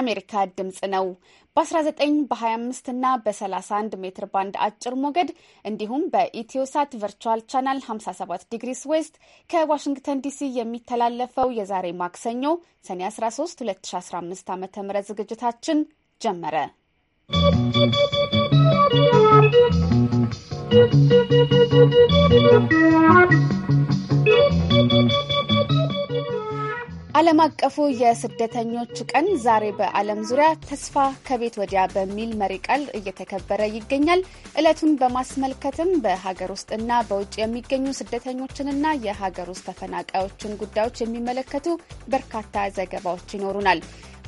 የአሜሪካ ድምፅ ነው። በ19 በ25 እና በ31 ሜትር ባንድ አጭር ሞገድ እንዲሁም በኢትዮሳት ቨርቹዋል ቻናል 57 ዲግሪስ ዌስት ከዋሽንግተን ዲሲ የሚተላለፈው የዛሬ ማክሰኞ ሰኔ 13 2015 ዓ ም ዝግጅታችን ጀመረ። ¶¶ ዓለም አቀፉ የስደተኞች ቀን ዛሬ በዓለም ዙሪያ ተስፋ ከቤት ወዲያ በሚል መሪ ቃል እየተከበረ ይገኛል። ዕለቱን በማስመልከትም በሀገር ውስጥና በውጭ የሚገኙ ስደተኞችንና የሀገር ውስጥ ተፈናቃዮችን ጉዳዮች የሚመለከቱ በርካታ ዘገባዎች ይኖሩናል።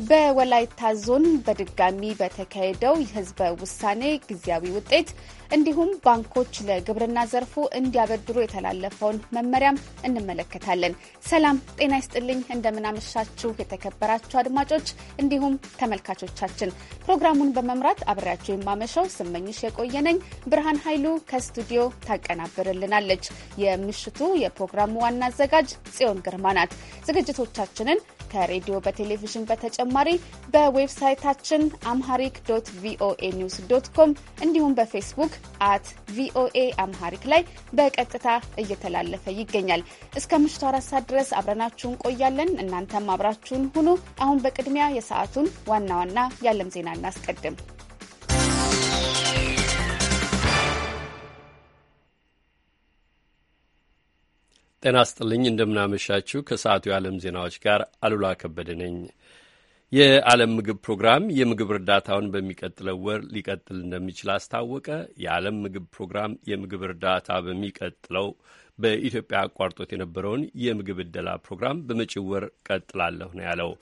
በወላይታ ዞን በድጋሚ በተካሄደው የህዝበ ውሳኔ ጊዜያዊ ውጤት እንዲሁም ባንኮች ለግብርና ዘርፉ እንዲያበድሩ የተላለፈውን መመሪያም እንመለከታለን። ሰላም ጤና ይስጥልኝ፣ እንደምናመሻችሁ የተከበራችሁ አድማጮች እንዲሁም ተመልካቾቻችን። ፕሮግራሙን በመምራት አብሬያችሁ የማመሻው ስመኝሽ የቆየነኝ። ብርሃን ኃይሉ ከስቱዲዮ ታቀናብርልናለች። የምሽቱ የፕሮግራሙ ዋና አዘጋጅ ጽዮን ግርማ ናት። ዝግጅቶቻችንን ከሬዲዮ በቴሌቪዥን በተጨማሪ በዌብሳይታችን አምሃሪክ ዶት ቪኦኤ ኒውስ ዶት ኮም እንዲሁም በፌስቡክ አት ቪኦኤ አምሃሪክ ላይ በቀጥታ እየተላለፈ ይገኛል። እስከ ምሽቱ አራት ሰዓት ድረስ አብረናችሁን ቆያለን። እናንተም አብራችሁን ሁኑ። አሁን በቅድሚያ የሰዓቱን ዋና ዋና የዓለም ዜና እናስቀድም። ጤና ስጥልኝ እንደምናመሻችሁ። ከሰዓቱ የዓለም ዜናዎች ጋር አሉላ ከበደ ነኝ። የዓለም ምግብ ፕሮግራም የምግብ እርዳታውን በሚቀጥለው ወር ሊቀጥል እንደሚችል አስታወቀ። የዓለም ምግብ ፕሮግራም የምግብ እርዳታ በሚቀጥለው በኢትዮጵያ አቋርጦት የነበረውን የምግብ እደላ ፕሮግራም በመጪው ወር ቀጥላለሁ ነው ያለው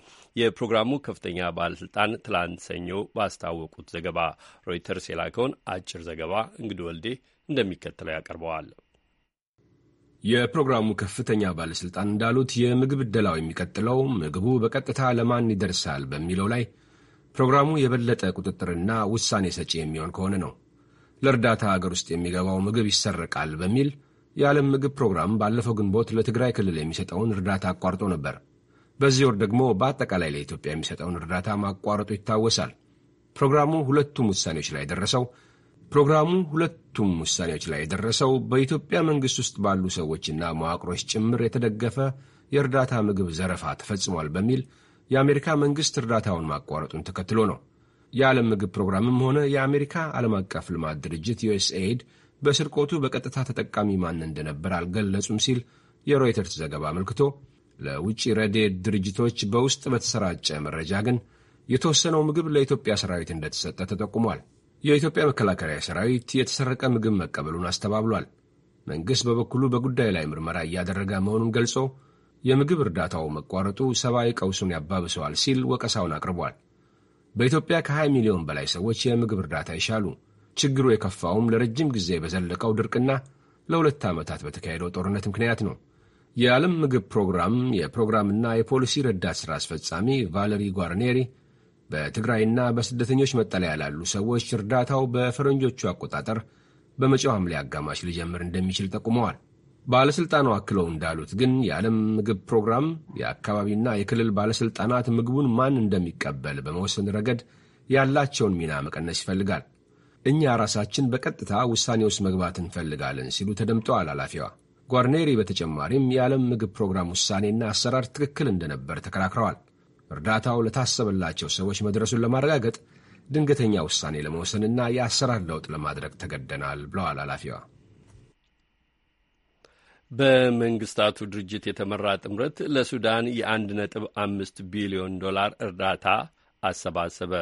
የፕሮግራሙ ከፍተኛ ባለስልጣን ትላንት ሰኞ ባስታወቁት ዘገባ። ሮይተርስ የላከውን አጭር ዘገባ እንግዲህ ወልዴ እንደሚከተለው ያቀርበዋል። የፕሮግራሙ ከፍተኛ ባለሥልጣን እንዳሉት የምግብ ዕደላው የሚቀጥለው ምግቡ በቀጥታ ለማን ይደርሳል በሚለው ላይ ፕሮግራሙ የበለጠ ቁጥጥርና ውሳኔ ሰጪ የሚሆን ከሆነ ነው። ለእርዳታ አገር ውስጥ የሚገባው ምግብ ይሰረቃል በሚል የዓለም ምግብ ፕሮግራም ባለፈው ግንቦት ለትግራይ ክልል የሚሰጠውን እርዳታ አቋርጦ ነበር። በዚህ ወር ደግሞ በአጠቃላይ ለኢትዮጵያ የሚሰጠውን እርዳታ ማቋረጡ ይታወሳል። ፕሮግራሙ ሁለቱም ውሳኔዎች ላይ ደረሰው ፕሮግራሙ ሁለቱም ውሳኔዎች ላይ የደረሰው በኢትዮጵያ መንግሥት ውስጥ ባሉ ሰዎችና መዋቅሮች ጭምር የተደገፈ የእርዳታ ምግብ ዘረፋ ተፈጽሟል በሚል የአሜሪካ መንግሥት እርዳታውን ማቋረጡን ተከትሎ ነው። የዓለም ምግብ ፕሮግራምም ሆነ የአሜሪካ ዓለም አቀፍ ልማት ድርጅት ዩኤስኤድ በስርቆቱ በቀጥታ ተጠቃሚ ማን እንደነበር አልገለጹም ሲል የሮይተርስ ዘገባ አመልክቶ ለውጭ ረድኤት ድርጅቶች በውስጥ በተሰራጨ መረጃ ግን የተወሰነው ምግብ ለኢትዮጵያ ሰራዊት እንደተሰጠ ተጠቁሟል። የኢትዮጵያ መከላከያ ሰራዊት የተሰረቀ ምግብ መቀበሉን አስተባብሏል። መንግሥት በበኩሉ በጉዳዩ ላይ ምርመራ እያደረገ መሆኑን ገልጾ የምግብ እርዳታው መቋረጡ ሰብአዊ ቀውሱን ያባብሰዋል ሲል ወቀሳውን አቅርቧል። በኢትዮጵያ ከ20 ሚሊዮን በላይ ሰዎች የምግብ እርዳታ ይሻሉ። ችግሩ የከፋውም ለረጅም ጊዜ በዘለቀው ድርቅና ለሁለት ዓመታት በተካሄደው ጦርነት ምክንያት ነው። የዓለም ምግብ ፕሮግራም የፕሮግራምና የፖሊሲ ረዳት ሥራ አስፈጻሚ ቫለሪ ጓርኔሪ በትግራይና በስደተኞች መጠለያ ላሉ ሰዎች እርዳታው በፈረንጆቹ አቆጣጠር በመጪው ሐምሌ አጋማሽ ሊጀምር እንደሚችል ጠቁመዋል። ባለሥልጣኑ አክለው እንዳሉት ግን የዓለም ምግብ ፕሮግራም የአካባቢና የክልል ባለሥልጣናት ምግቡን ማን እንደሚቀበል በመወሰን ረገድ ያላቸውን ሚና መቀነስ ይፈልጋል። እኛ ራሳችን በቀጥታ ውሳኔ ውስጥ መግባት እንፈልጋለን ሲሉ ተደምጠዋል ኃላፊዋ። ጓርኔሪ በተጨማሪም የዓለም ምግብ ፕሮግራም ውሳኔና አሰራር ትክክል እንደነበር ተከራክረዋል። እርዳታው ለታሰበላቸው ሰዎች መድረሱን ለማረጋገጥ ድንገተኛ ውሳኔ ለመወሰንና የአሰራር ለውጥ ለማድረግ ተገደናል ብለዋል ኃላፊዋ። በመንግስታቱ ድርጅት የተመራ ጥምረት ለሱዳን የአንድ ነጥብ አምስት ቢሊዮን ዶላር እርዳታ አሰባሰበ።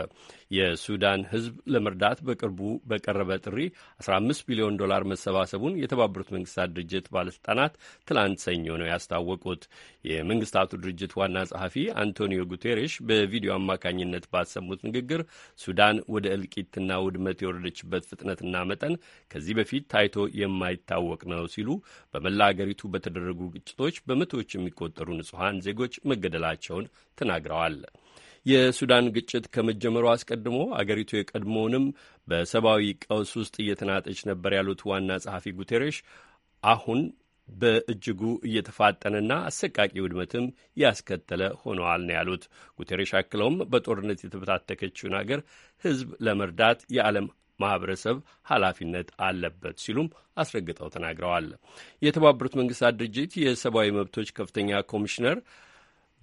የሱዳን ሕዝብ ለመርዳት በቅርቡ በቀረበ ጥሪ 15 ቢሊዮን ዶላር መሰባሰቡን የተባበሩት መንግስታት ድርጅት ባለስልጣናት ትላንት ሰኞ ነው ያስታወቁት። የመንግስታቱ ድርጅት ዋና ጸሐፊ አንቶኒዮ ጉቴሬሽ በቪዲዮ አማካኝነት ባሰሙት ንግግር ሱዳን ወደ እልቂትና ውድመት የወረደችበት ፍጥነትና መጠን ከዚህ በፊት ታይቶ የማይታወቅ ነው ሲሉ በመላ አገሪቱ በተደረጉ ግጭቶች በመቶዎች የሚቆጠሩ ንጹሐን ዜጎች መገደላቸውን ተናግረዋል። የሱዳን ግጭት ከመጀመሩ አስቀድሞ አገሪቱ የቀድሞውንም በሰብአዊ ቀውስ ውስጥ እየተናጠች ነበር ያሉት ዋና ጸሐፊ ጉቴሬሽ አሁን በእጅጉ እየተፋጠነና አሰቃቂ ውድመትም ያስከተለ ሆነዋል ነው ያሉት። ጉቴሬሽ አክለውም በጦርነት የተበታተከችውን አገር ሕዝብ ለመርዳት የዓለም ማህበረሰብ ኃላፊነት አለበት ሲሉም አስረግጠው ተናግረዋል። የተባበሩት መንግስታት ድርጅት የሰብአዊ መብቶች ከፍተኛ ኮሚሽነር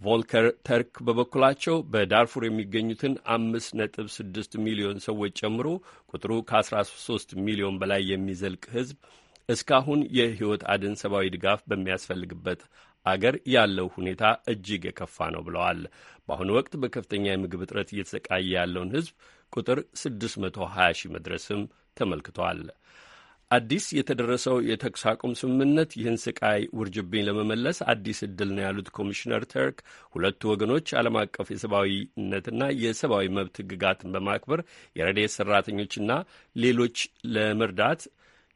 ቮልከር ተርክ በበኩላቸው በዳርፉር የሚገኙትን አምስት ነጥብ ስድስት ሚሊዮን ሰዎች ጨምሮ ቁጥሩ ከ13 ሚሊዮን በላይ የሚዘልቅ ህዝብ እስካሁን የሕይወት አድን ሰብአዊ ድጋፍ በሚያስፈልግበት አገር ያለው ሁኔታ እጅግ የከፋ ነው ብለዋል። በአሁኑ ወቅት በከፍተኛ የምግብ እጥረት እየተሰቃየ ያለውን ህዝብ ቁጥር 620 ሺህ መድረስም ተመልክቷል። አዲስ የተደረሰው የተኩስ አቁም ስምምነት ይህን ስቃይ ውርጅብኝ ለመመለስ አዲስ እድል ነው ያሉት ኮሚሽነር ተርክ ሁለቱ ወገኖች ዓለም አቀፍ የሰብአዊነትና የሰብአዊ መብት ህግጋትን በማክበር የረድኤት ሰራተኞችና ሌሎች ለመርዳት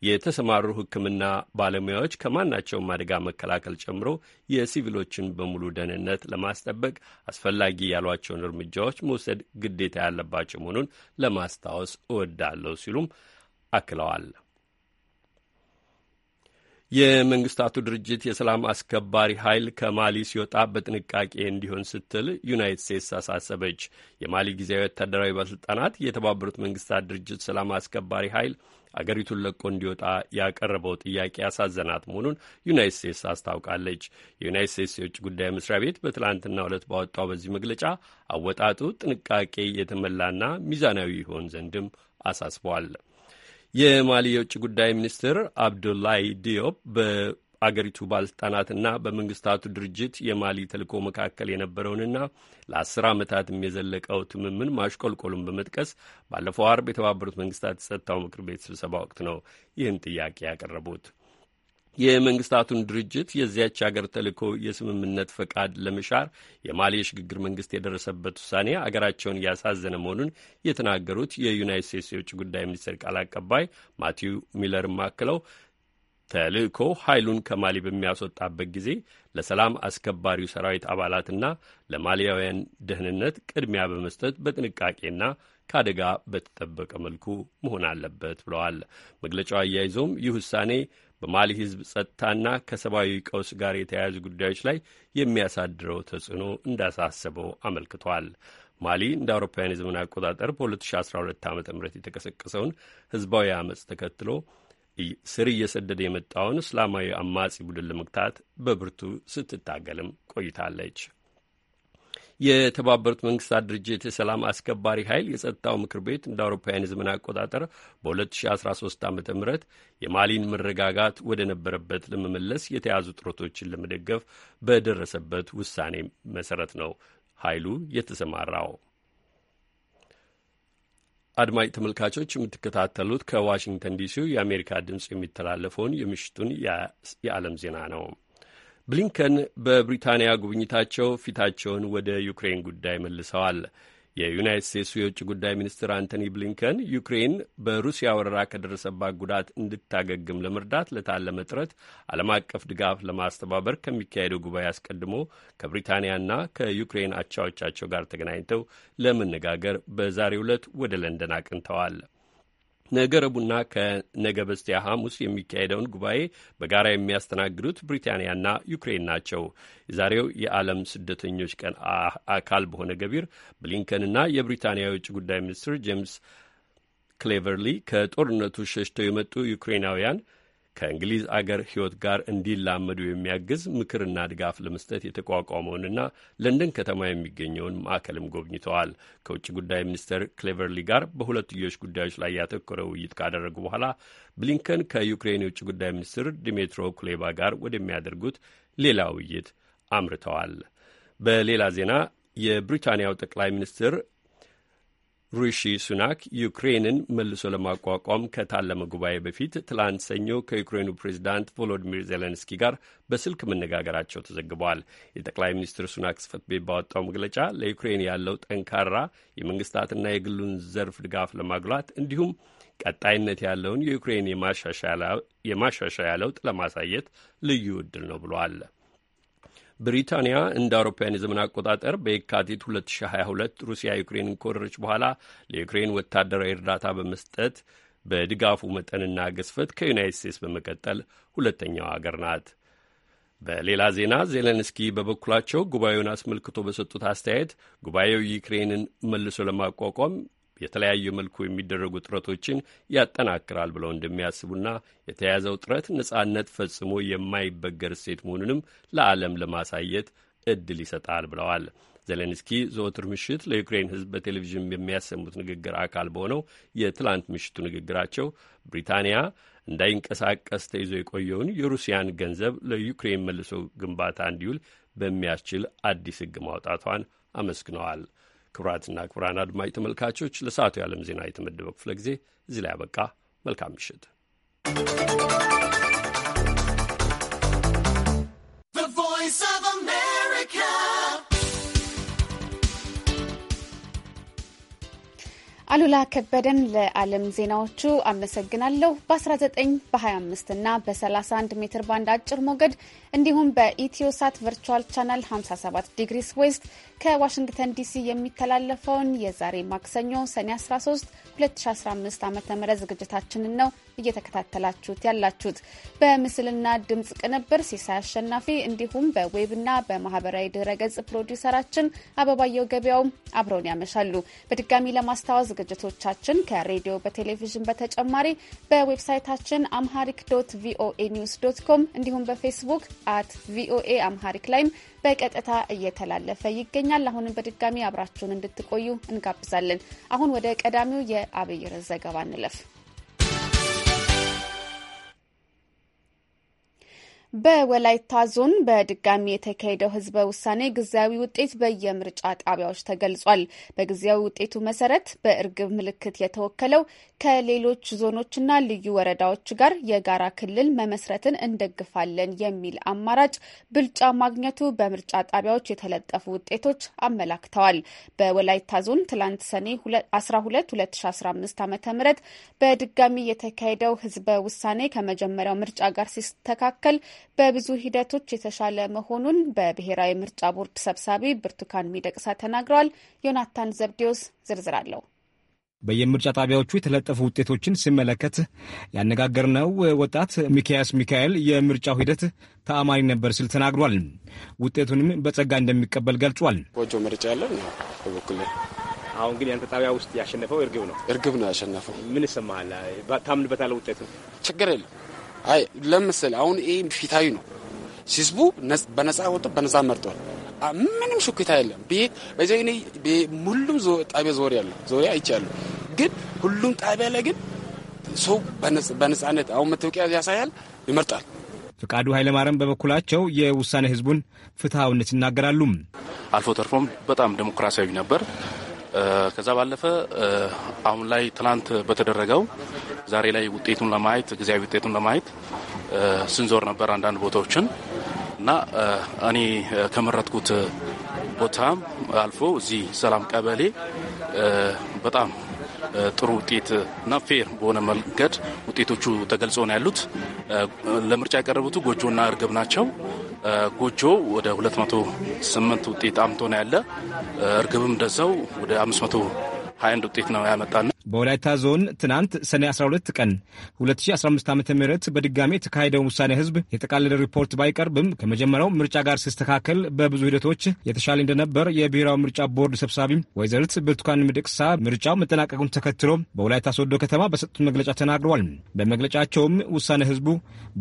የተሰማሩ ሕክምና ባለሙያዎች ከማናቸውም አደጋ መከላከል ጨምሮ የሲቪሎችን በሙሉ ደህንነት ለማስጠበቅ አስፈላጊ ያሏቸውን እርምጃዎች መውሰድ ግዴታ ያለባቸው መሆኑን ለማስታወስ እወዳለሁ ሲሉም አክለዋል። የመንግስታቱ ድርጅት የሰላም አስከባሪ ኃይል ከማሊ ሲወጣ በጥንቃቄ እንዲሆን ስትል ዩናይት ስቴትስ አሳሰበች። የማሊ ጊዜያዊ ወታደራዊ ባለሥልጣናት የተባበሩት መንግስታት ድርጅት ሰላም አስከባሪ ኃይል አገሪቱን ለቆ እንዲወጣ ያቀረበው ጥያቄ ያሳዘናት መሆኑን ዩናይት ስቴትስ አስታውቃለች። የዩናይት ስቴትስ የውጭ ጉዳይ መስሪያ ቤት በትላንትና ዕለት ባወጣው በዚህ መግለጫ አወጣጡ ጥንቃቄ የተሞላና ሚዛናዊ ይሆን ዘንድም አሳስቧል። የማሊ የውጭ ጉዳይ ሚኒስትር አብዱላይ ዲዮብ በአገሪቱ ባለስልጣናትና በመንግስታቱ ድርጅት የማሊ ተልኮ መካከል የነበረውንና ለአስር ዓመታትም የዘለቀው ትምምን ማሽቆልቆሉን በመጥቀስ ባለፈው አርብ የተባበሩት መንግስታት የጸጥታው ምክር ቤት ስብሰባ ወቅት ነው ይህን ጥያቄ ያቀረቡት። የመንግስታቱን ድርጅት የዚያች አገር ተልእኮ የስምምነት ፈቃድ ለመሻር የማሊ የሽግግር መንግስት የደረሰበት ውሳኔ አገራቸውን እያሳዘነ መሆኑን የተናገሩት የዩናይት ስቴትስ የውጭ ጉዳይ ሚኒስቴር ቃል አቀባይ ማቲው ሚለር ማክለው ተልእኮ ኃይሉን ከማሊ በሚያስወጣበት ጊዜ ለሰላም አስከባሪው ሰራዊት አባላትና ለማሊያውያን ደህንነት ቅድሚያ በመስጠት በጥንቃቄና ከአደጋ በተጠበቀ መልኩ መሆን አለበት ብለዋል። መግለጫው አያይዞም ይህ ውሳኔ በማሊ ህዝብ ጸጥታና ከሰብአዊ ቀውስ ጋር የተያያዙ ጉዳዮች ላይ የሚያሳድረው ተጽዕኖ እንዳሳሰበው አመልክቷል። ማሊ እንደ አውሮፓውያን የዘመን አቆጣጠር በ2012 ዓ ም የተቀሰቀሰውን ህዝባዊ አመፅ ተከትሎ ስር እየሰደደ የመጣውን እስላማዊ አማጺ ቡድን ለመግታት በብርቱ ስትታገልም ቆይታለች። የተባበሩት መንግስታት ድርጅት የሰላም አስከባሪ ኃይል የጸጥታው ምክር ቤት እንደ አውሮፓውያን የዘመን አቆጣጠር በ2013 ዓ ም የማሊን መረጋጋት ወደ ነበረበት ለመመለስ የተያዙ ጥረቶችን ለመደገፍ በደረሰበት ውሳኔ መሰረት ነው ኃይሉ የተሰማራው። አድማጭ ተመልካቾች የምትከታተሉት ከዋሽንግተን ዲሲው የአሜሪካ ድምፅ የሚተላለፈውን የምሽቱን የዓለም ዜና ነው። ብሊንከን በብሪታንያ ጉብኝታቸው ፊታቸውን ወደ ዩክሬን ጉዳይ መልሰዋል። የዩናይት ስቴትሱ የውጭ ጉዳይ ሚኒስትር አንቶኒ ብሊንከን ዩክሬን በሩሲያ ወረራ ከደረሰባት ጉዳት እንድታገግም ለመርዳት ለታለመ ጥረት ዓለም አቀፍ ድጋፍ ለማስተባበር ከሚካሄደው ጉባኤ አስቀድሞ ከብሪታንያና ከዩክሬን አቻዎቻቸው ጋር ተገናኝተው ለመነጋገር በዛሬው ዕለት ወደ ለንደን አቅንተዋል። ነገ ረቡዕና ከነገ በስቲያ ሐሙስ የሚካሄደውን ጉባኤ በጋራ የሚያስተናግዱት ብሪታንያና ዩክሬን ናቸው። የዛሬው የዓለም ስደተኞች ቀን አካል በሆነ ገቢር ብሊንከንና የብሪታንያ የውጭ ጉዳይ ሚኒስትር ጄምስ ክሌቨርሊ ከጦርነቱ ሸሽተው የመጡ ዩክሬናውያን ከእንግሊዝ አገር ሕይወት ጋር እንዲላመዱ የሚያግዝ ምክርና ድጋፍ ለመስጠት የተቋቋመውንና ለንደን ከተማ የሚገኘውን ማዕከልም ጎብኝተዋል። ከውጭ ጉዳይ ሚኒስትር ክሌቨርሊ ጋር በሁለትዮሽ ጉዳዮች ላይ ያተኮረ ውይይት ካደረጉ በኋላ ብሊንከን ከዩክሬን የውጭ ጉዳይ ሚኒስትር ዲሜትሮ ኩሌባ ጋር ወደሚያደርጉት ሌላ ውይይት አምርተዋል። በሌላ ዜና የብሪታንያው ጠቅላይ ሚኒስትር ሩሺ ሱናክ ዩክሬንን መልሶ ለማቋቋም ከታለመ ጉባኤ በፊት ትላንት ሰኞ ከዩክሬኑ ፕሬዚዳንት ቮሎዲሚር ዜሌንስኪ ጋር በስልክ መነጋገራቸው ተዘግበዋል። የጠቅላይ ሚኒስትር ሱናክ ጽፈት ቤት ባወጣው መግለጫ ለዩክሬን ያለው ጠንካራ የመንግስታትና የግሉን ዘርፍ ድጋፍ ለማጉላት እንዲሁም ቀጣይነት ያለውን የዩክሬን የማሻሻያ ለውጥ ለማሳየት ልዩ እድል ነው ብሏል። ብሪታንያ እንደ አውሮፓውያን የዘመን አቆጣጠር በየካቲት 2022 ሩሲያ ዩክሬንን ከወረረች በኋላ ለዩክሬን ወታደራዊ እርዳታ በመስጠት በድጋፉ መጠንና ግዝፈት ከዩናይት ስቴትስ በመቀጠል ሁለተኛው አገር ናት። በሌላ ዜና ዜሌንስኪ በበኩላቸው ጉባኤውን አስመልክቶ በሰጡት አስተያየት ጉባኤው ዩክሬንን መልሶ ለማቋቋም የተለያየ መልኩ የሚደረጉ ጥረቶችን ያጠናክራል ብለው እንደሚያስቡና የተያዘው ጥረት ነጻነት ፈጽሞ የማይበገር እሴት መሆኑንም ለዓለም ለማሳየት እድል ይሰጣል ብለዋል። ዜሌንስኪ ዘወትር ምሽት ለዩክሬን ሕዝብ በቴሌቪዥን የሚያሰሙት ንግግር አካል በሆነው የትላንት ምሽቱ ንግግራቸው ብሪታንያ እንዳይንቀሳቀስ ተይዞ የቆየውን የሩሲያን ገንዘብ ለዩክሬን መልሶ ግንባታ እንዲውል በሚያስችል አዲስ ሕግ ማውጣቷን አመስግነዋል። ክቡራትና ክቡራን አድማጭ ተመልካቾች ለሰዓቱ የዓለም ዜና የተመደበው ክፍለ ጊዜ እዚህ ላይ አበቃ። መልካም ምሽት። አሉላ ከበደን ለዓለም ዜናዎቹ አመሰግናለሁ። በ19 በ25 እና በ31 ሜትር ባንድ አጭር ሞገድ እንዲሁም በኢትዮሳት ቨርቹዋል ቻናል 57 ዲግሪስ ዌስት ከዋሽንግተን ዲሲ የሚተላለፈውን የዛሬ ማክሰኞ ሰኔ 13 2015 ዓ ም ዝግጅታችንን ነው እየተከታተላችሁት ያላችሁት። በምስልና ድምፅ ቅንብር ሲሳይ አሸናፊ እንዲሁም በዌብና በማህበራዊ ድረገጽ ፕሮዲውሰራችን አበባየው ገበያውም አብረውን ያመሻሉ። በድጋሚ ለማስታወስ ዝግጅቶቻችን ከሬዲዮ በቴሌቪዥን በተጨማሪ በዌብሳይታችን አምሃሪክ ዶት ቪኦኤ ኒውስ ዶት ኮም እንዲሁም በፌስቡክ አት ቪኦኤ አምሃሪክ ላይም በቀጥታ እየተላለፈ ይገኛል። አሁንም በድጋሚ አብራችሁን እንድትቆዩ እንጋብዛለን። አሁን ወደ ቀዳሚው የአብይር ዘገባ እንለፍ። በወላይታ ዞን በድጋሚ የተካሄደው ህዝበ ውሳኔ ጊዜያዊ ውጤት በየምርጫ ጣቢያዎች ተገልጿል። በጊዜያዊ ውጤቱ መሰረት በእርግብ ምልክት የተወከለው ከሌሎች ዞኖችና ልዩ ወረዳዎች ጋር የጋራ ክልል መመስረትን እንደግፋለን የሚል አማራጭ ብልጫ ማግኘቱ በምርጫ ጣቢያዎች የተለጠፉ ውጤቶች አመላክተዋል። በወላይታ ዞን ትላንት ሰኔ 12 2015 ዓ ም በድጋሚ የተካሄደው ህዝበ ውሳኔ ከመጀመሪያው ምርጫ ጋር ሲስተካከል በብዙ ሂደቶች የተሻለ መሆኑን በብሔራዊ ምርጫ ቦርድ ሰብሳቢ ብርቱካን ሚደቅሳ ተናግረዋል። ዮናታን ዘብዴዎስ ዝርዝር አለው። በየምርጫ ጣቢያዎቹ የተለጠፉ ውጤቶችን ስመለከት ያነጋገርነው ወጣት ሚካያስ ሚካኤል የምርጫው ሂደት ተአማኒ ነበር ሲል ተናግሯል። ውጤቱንም በጸጋ እንደሚቀበል ገልጿል። ቆጆ ምርጫ ያለን በበኩል አሁን ግን ያንተ ጣቢያ ውስጥ ያሸነፈው እርግብ ነው። እርግብ ነው ያሸነፈው። ምን ይሰማሃል? ታምንበታለህ? ውጤቱ ችግር የለም አይ ለምስል አሁን ይሄ ፊታዊ ነው። ህዝቡ በነፃ ወጥቶ በነፃ መርጧል። ምንም ሹክታ የለም። በዚ ሁሉም ጣቢያ ዞር ያለ ዞሪያ አይቻለሁ። ግን ሁሉም ጣቢያ ላይ ግን ሰው በነፃነት አሁን መታወቂያ ያሳያል፣ ይመርጣል። ፍቃዱ ኃይለማርያም በበኩላቸው የውሳኔ ህዝቡን ፍትሐዊነት ይናገራሉ። አልፎ ተርፎም በጣም ዴሞክራሲያዊ ነበር። ከዛ ባለፈ አሁን ላይ ትናንት በተደረገው ዛሬ ላይ ውጤቱን ለማየት ጊዜያዊ ውጤቱን ለማየት ስንዞር ነበር አንዳንድ ቦታዎችን እና እኔ ከመረጥኩት ቦታም አልፎ እዚህ ሰላም ቀበሌ በጣም ጥሩ ውጤት እና ፌር በሆነ መንገድ ውጤቶቹ ተገልጾ ነው ያሉት። ለምርጫ ያቀረቡት ጎጆና እርግብ ናቸው። ጎጆ ወደ 208 ውጤት አምቶ ነው ያለ። እርግብም እንደዛው ወደ 521 ውጤት ነው ያመጣና በወላይታ ዞን ትናንት ሰኔ 12 ቀን 2015 ዓ ም በድጋሚ የተካሄደው ውሳኔ ህዝብ የጠቃለለ ሪፖርት ባይቀርብም ከመጀመሪያው ምርጫ ጋር ሲስተካከል በብዙ ሂደቶች የተሻለ እንደነበር የብሔራዊ ምርጫ ቦርድ ሰብሳቢ ወይዘርት ብርቱካን ሚደቅሳ ምርጫው መጠናቀቁን ተከትሎ በወላይታ ሶዶ ከተማ በሰጡት መግለጫ ተናግረዋል። በመግለጫቸውም ውሳኔ ህዝቡ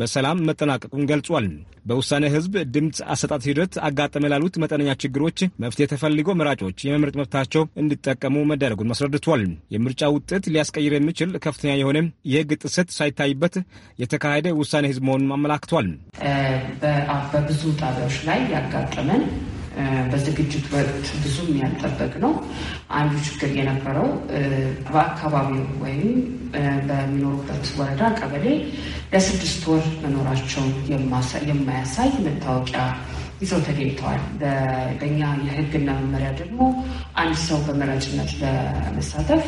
በሰላም መጠናቀቁን ገልጿል። በውሳኔ ህዝብ ድምፅ አሰጣት ሂደት አጋጠመ ላሉት መጠነኛ ችግሮች መፍትሄ ተፈልጎ መራጮች የመምረጥ መብታቸው እንዲጠቀሙ መደረጉን አስረድቷል። የምርጫው ውጤት ሊያስቀይር የሚችል ከፍተኛ የሆነ የህግ ጥሰት ሳይታይበት የተካሄደ ውሳኔ ህዝብ መሆኑን አመላክቷል። በብዙ ጣቢያዎች ላይ ያጋጠመን በዝግጅት ወቅት ብዙም ያልጠበቅ ነው። አንዱ ችግር የነበረው በአካባቢው ወይም በሚኖሩበት ወረዳ ቀበሌ ለስድስት ወር መኖራቸውን የማያሳይ መታወቂያ ይዘው ተገኝተዋል። በኛ የህግና መመሪያ ደግሞ አንድ ሰው በመራጭነት ለመሳተፍ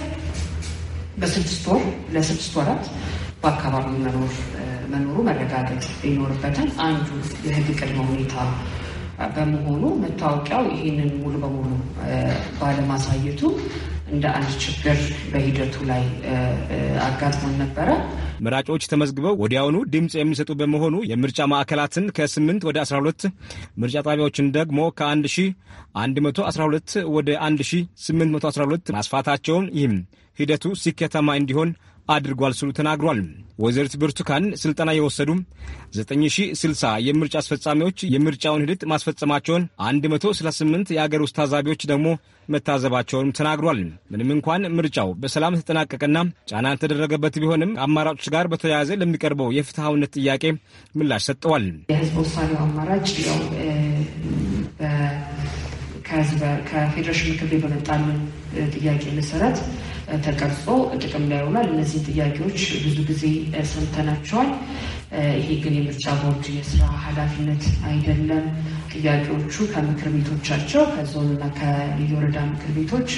በስድስት ወር ለስድስት ወራት በአካባቢው መኖር መኖሩ መረጋገጥ ይኖርበታል። አንዱ የህግ ቅድመ ሁኔታ በመሆኑ መታወቂያው ይህንን ሙሉ በሙሉ ባለማሳየቱ እንደ አንድ ችግር በሂደቱ ላይ አጋጥሞን ነበረ። መራጮች ተመዝግበው ወዲያውኑ ድምፅ የሚሰጡ በመሆኑ የምርጫ ማዕከላትን ከ8 ወደ 12 ምርጫ ጣቢያዎችን ደግሞ ከ1112 ወደ 1812 ማስፋታቸውን ይህም ሂደቱ ስኬታማ እንዲሆን አድርጓል ስሉ ተናግሯል። ወይዘሪት ብርቱካን ስልጠና የወሰዱ 9060 የምርጫ አስፈጻሚዎች የምርጫውን ሂደት ማስፈጸማቸውን 138 የአገር ውስጥ ታዛቢዎች ደግሞ መታዘባቸውንም ተናግሯል። ምንም እንኳን ምርጫው በሰላም ተጠናቀቀና ጫና ተደረገበት ቢሆንም አማራጮች ጋር በተያያዘ ለሚቀርበው የፍትሐውነት ጥያቄ ምላሽ ሰጥተዋል። የህዝብ ውሳኔው አማራጭ ያው ከፌዴሬሽን ምክር ቤት በመጣልን ጥያቄ መሰረት ተቀርጾ ጥቅም ላይ ውሏል። እነዚህ ጥያቄዎች ብዙ ጊዜ ሰምተናቸዋል። ይሄ ግን የምርጫ ቦርድ የስራ ኃላፊነት አይደለም። ጥያቄዎቹ ከምክር ቤቶቻቸው ከዞንና ከልዩ ወረዳ ምክር ቤቶች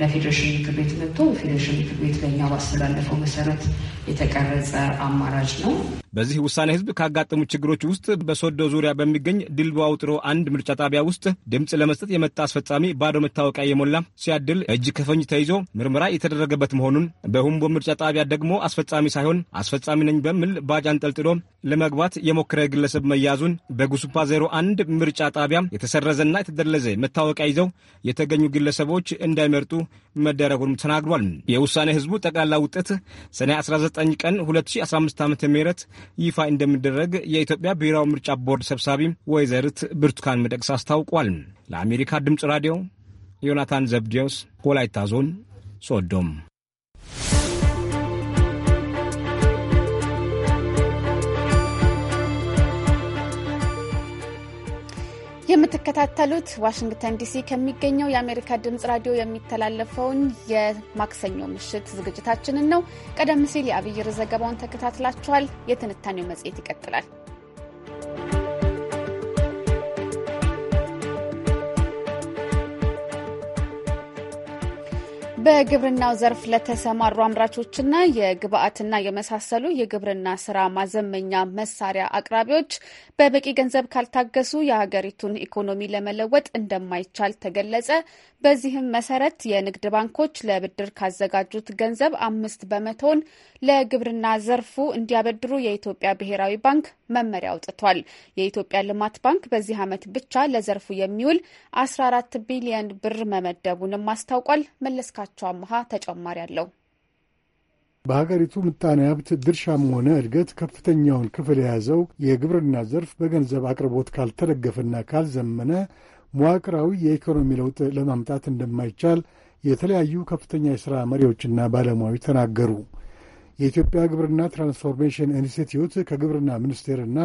ለፌዴሬሽን ምክር ቤት መጥቶ ፌዴሬሽን ምክር ቤት ለእኛ ባስተላለፈው መሰረት የተቀረጸ አማራጭ ነው። በዚህ ውሳኔ ህዝብ ካጋጠሙ ችግሮች ውስጥ በሶዶ ዙሪያ በሚገኝ ድልቦ አውጥሮ አንድ ምርጫ ጣቢያ ውስጥ ድምፅ ለመስጠት የመጣ አስፈጻሚ ባዶ መታወቂያ የሞላ ሲያድል እጅ ከፈኝ ተይዞ ምርመራ የተደረገበት መሆኑን፣ በሁምቦ ምርጫ ጣቢያ ደግሞ አስፈጻሚ ሳይሆን አስፈጻሚ ነኝ በሚል ባጅ አንጠልጥ ጥሎ ለመግባት የሞከረ ግለሰብ መያዙን በጉሱፓ 01 ምርጫ ጣቢያ የተሰረዘና የተደለዘ መታወቂያ ይዘው የተገኙ ግለሰቦች እንዳይመርጡ መደረጉንም ተናግሯል። የውሳኔ ህዝቡ ጠቅላላ ውጤት ሰኔ 19 ቀን 2015 ዓ ም ይፋ እንደሚደረግ የኢትዮጵያ ብሔራዊ ምርጫ ቦርድ ሰብሳቢ ወይዘርት ብርቱካን መደቅስ አስታውቋል። ለአሜሪካ ድምፅ ራዲዮ ዮናታን ዘብዲዮስ ወላይታ ዞን ሶዶም የምትከታተሉት ዋሽንግተን ዲሲ ከሚገኘው የአሜሪካ ድምጽ ራዲዮ የሚተላለፈውን የማክሰኞ ምሽት ዝግጅታችንን ነው። ቀደም ሲል የአብይር ዘገባውን ተከታትላችኋል። የትንታኔው መጽሔት ይቀጥላል። በግብርናው ዘርፍ ለተሰማሩ አምራቾችና የግብአትና የመሳሰሉ የግብርና ስራ ማዘመኛ መሳሪያ አቅራቢዎች በበቂ ገንዘብ ካልታገሱ የሀገሪቱን ኢኮኖሚ ለመለወጥ እንደማይቻል ተገለጸ። በዚህም መሰረት የንግድ ባንኮች ለብድር ካዘጋጁት ገንዘብ አምስት በመቶውን ለግብርና ዘርፉ እንዲያበድሩ የኢትዮጵያ ብሔራዊ ባንክ መመሪያ አውጥቷል። የኢትዮጵያ ልማት ባንክ በዚህ ዓመት ብቻ ለዘርፉ የሚውል 14 ቢሊዮን ብር መመደቡንም አስታውቋል። መለስካቸው አመሃ ተጨማሪ አለው። በሀገሪቱ ምጣኔ ሀብት ድርሻም ሆነ እድገት ከፍተኛውን ክፍል የያዘው የግብርና ዘርፍ በገንዘብ አቅርቦት ካልተደገፈና ካልዘመነ መዋቅራዊ የኢኮኖሚ ለውጥ ለማምጣት እንደማይቻል የተለያዩ ከፍተኛ የሥራ መሪዎችና ባለሙያዎች ተናገሩ። የኢትዮጵያ ግብርና ትራንስፎርሜሽን ኢንስቲትዩት ከግብርና ሚኒስቴርና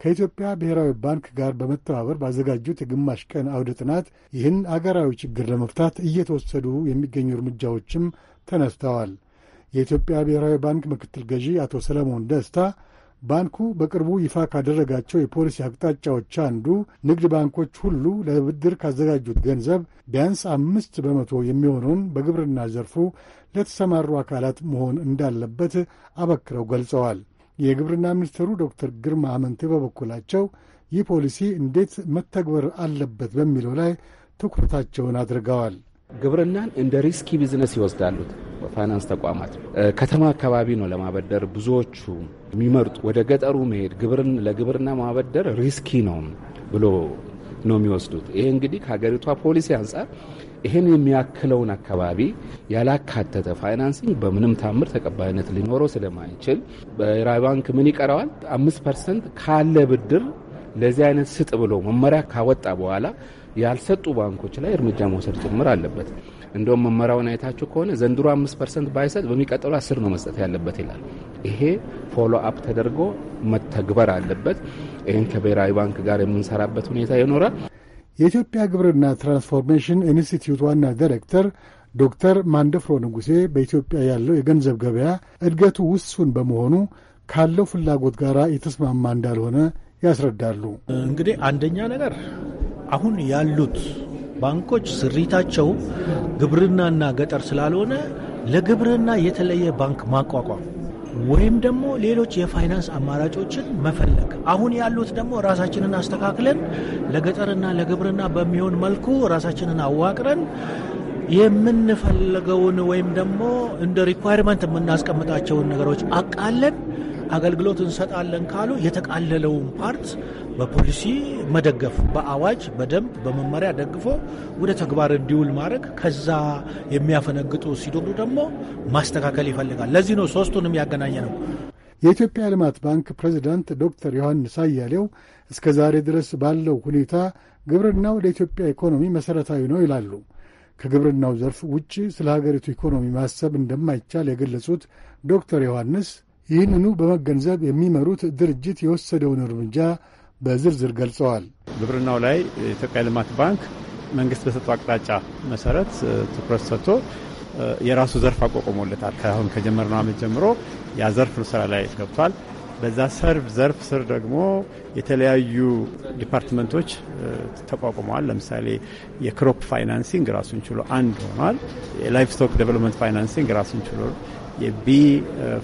ከኢትዮጵያ ብሔራዊ ባንክ ጋር በመተባበር ባዘጋጁት የግማሽ ቀን አውደ ጥናት ይህን አገራዊ ችግር ለመፍታት እየተወሰዱ የሚገኙ እርምጃዎችም ተነስተዋል። የኢትዮጵያ ብሔራዊ ባንክ ምክትል ገዢ አቶ ሰለሞን ደስታ ባንኩ በቅርቡ ይፋ ካደረጋቸው የፖሊሲ አቅጣጫዎች አንዱ ንግድ ባንኮች ሁሉ ለብድር ካዘጋጁት ገንዘብ ቢያንስ አምስት በመቶ የሚሆነውን በግብርና ዘርፉ ለተሰማሩ አካላት መሆን እንዳለበት አበክረው ገልጸዋል። የግብርና ሚኒስትሩ ዶክተር ግርማ አመንቴ በበኩላቸው ይህ ፖሊሲ እንዴት መተግበር አለበት በሚለው ላይ ትኩረታቸውን አድርገዋል። ግብርናን እንደ ሪስኪ ቢዝነስ ይወስዳሉት ፋይናንስ ተቋማት ከተማ አካባቢ ነው ለማበደር ብዙዎቹ የሚመርጡ። ወደ ገጠሩ መሄድ ግብርን ለግብርና ማበደር ሪስኪ ነው ብሎ ነው የሚወስዱት። ይሄ እንግዲህ ከሀገሪቷ ፖሊሲ አንጻር ይህን የሚያክለውን አካባቢ ያላካተተ ፋይናንሲንግ በምንም ታምር ተቀባይነት ሊኖረው ስለማይችል ብሔራዊ ባንክ ምን ይቀረዋል? አምስት ፐርሰንት ካለ ብድር ለዚህ አይነት ስጥ ብሎ መመሪያ ካወጣ በኋላ ያልሰጡ ባንኮች ላይ እርምጃ መውሰድ ጭምር አለበት። እንደውም መመሪያውን አይታችሁ ከሆነ ዘንድሮ አምስት ፐርሰንት ባይሰጥ በሚቀጥሉ አስር ነው መስጠት ያለበት ይላል። ይሄ ፎሎ አፕ ተደርጎ መተግበር አለበት። ይህን ከብሔራዊ ባንክ ጋር የምንሰራበት ሁኔታ ይኖራል። የኢትዮጵያ ግብርና ትራንስፎርሜሽን ኢንስቲትዩት ዋና ዳይሬክተር ዶክተር ማንደፍሮ ንጉሴ በኢትዮጵያ ያለው የገንዘብ ገበያ እድገቱ ውሱን በመሆኑ ካለው ፍላጎት ጋር የተስማማ እንዳልሆነ ያስረዳሉ። እንግዲህ አንደኛ ነገር አሁን ያሉት ባንኮች ስሪታቸው ግብርናና ገጠር ስላልሆነ ለግብርና የተለየ ባንክ ማቋቋም ወይም ደግሞ ሌሎች የፋይናንስ አማራጮችን መፈለግ። አሁን ያሉት ደግሞ ራሳችንን አስተካክለን ለገጠርና ለግብርና በሚሆን መልኩ ራሳችንን አዋቅረን የምንፈልገውን ወይም ደግሞ እንደ ሪኳይርመንት የምናስቀምጣቸውን ነገሮች አቃለን አገልግሎት እንሰጣለን ካሉ የተቃለለውን ፓርት በፖሊሲ መደገፍ፣ በአዋጅ በደንብ በመመሪያ ደግፎ ወደ ተግባር እንዲውል ማድረግ፣ ከዛ የሚያፈነግጡ ሲዶሩ ደግሞ ማስተካከል ይፈልጋል። ለዚህ ነው ሶስቱንም ያገናኘ ነው። የኢትዮጵያ ልማት ባንክ ፕሬዚዳንት ዶክተር ዮሐንስ አያሌው እስከ ዛሬ ድረስ ባለው ሁኔታ ግብርናው ለኢትዮጵያ ኢኮኖሚ መሠረታዊ ነው ይላሉ። ከግብርናው ዘርፍ ውጭ ስለ ሀገሪቱ ኢኮኖሚ ማሰብ እንደማይቻል የገለጹት ዶክተር ዮሐንስ ይህንኑ በመገንዘብ የሚመሩት ድርጅት የወሰደውን እርምጃ በዝርዝር ገልጸዋል። ግብርናው ላይ የኢትዮጵያ ልማት ባንክ መንግስት በሰጠው አቅጣጫ መሰረት ትኩረት ሰጥቶ የራሱ ዘርፍ አቋቁሞለታል። ከአሁን ከጀመርነው አመት ጀምሮ ያ ዘርፍ ስራ ላይ ገብቷል። በዛ ሰርፍ ዘርፍ ስር ደግሞ የተለያዩ ዲፓርትመንቶች ተቋቁመዋል። ለምሳሌ የክሮፕ ፋይናንሲንግ ራሱን ችሎ አንድ ሆኗል። የላይፍ ስቶክ ዴቨሎፕመንት ፋይናንሲንግ ራሱን ችሎ የቢ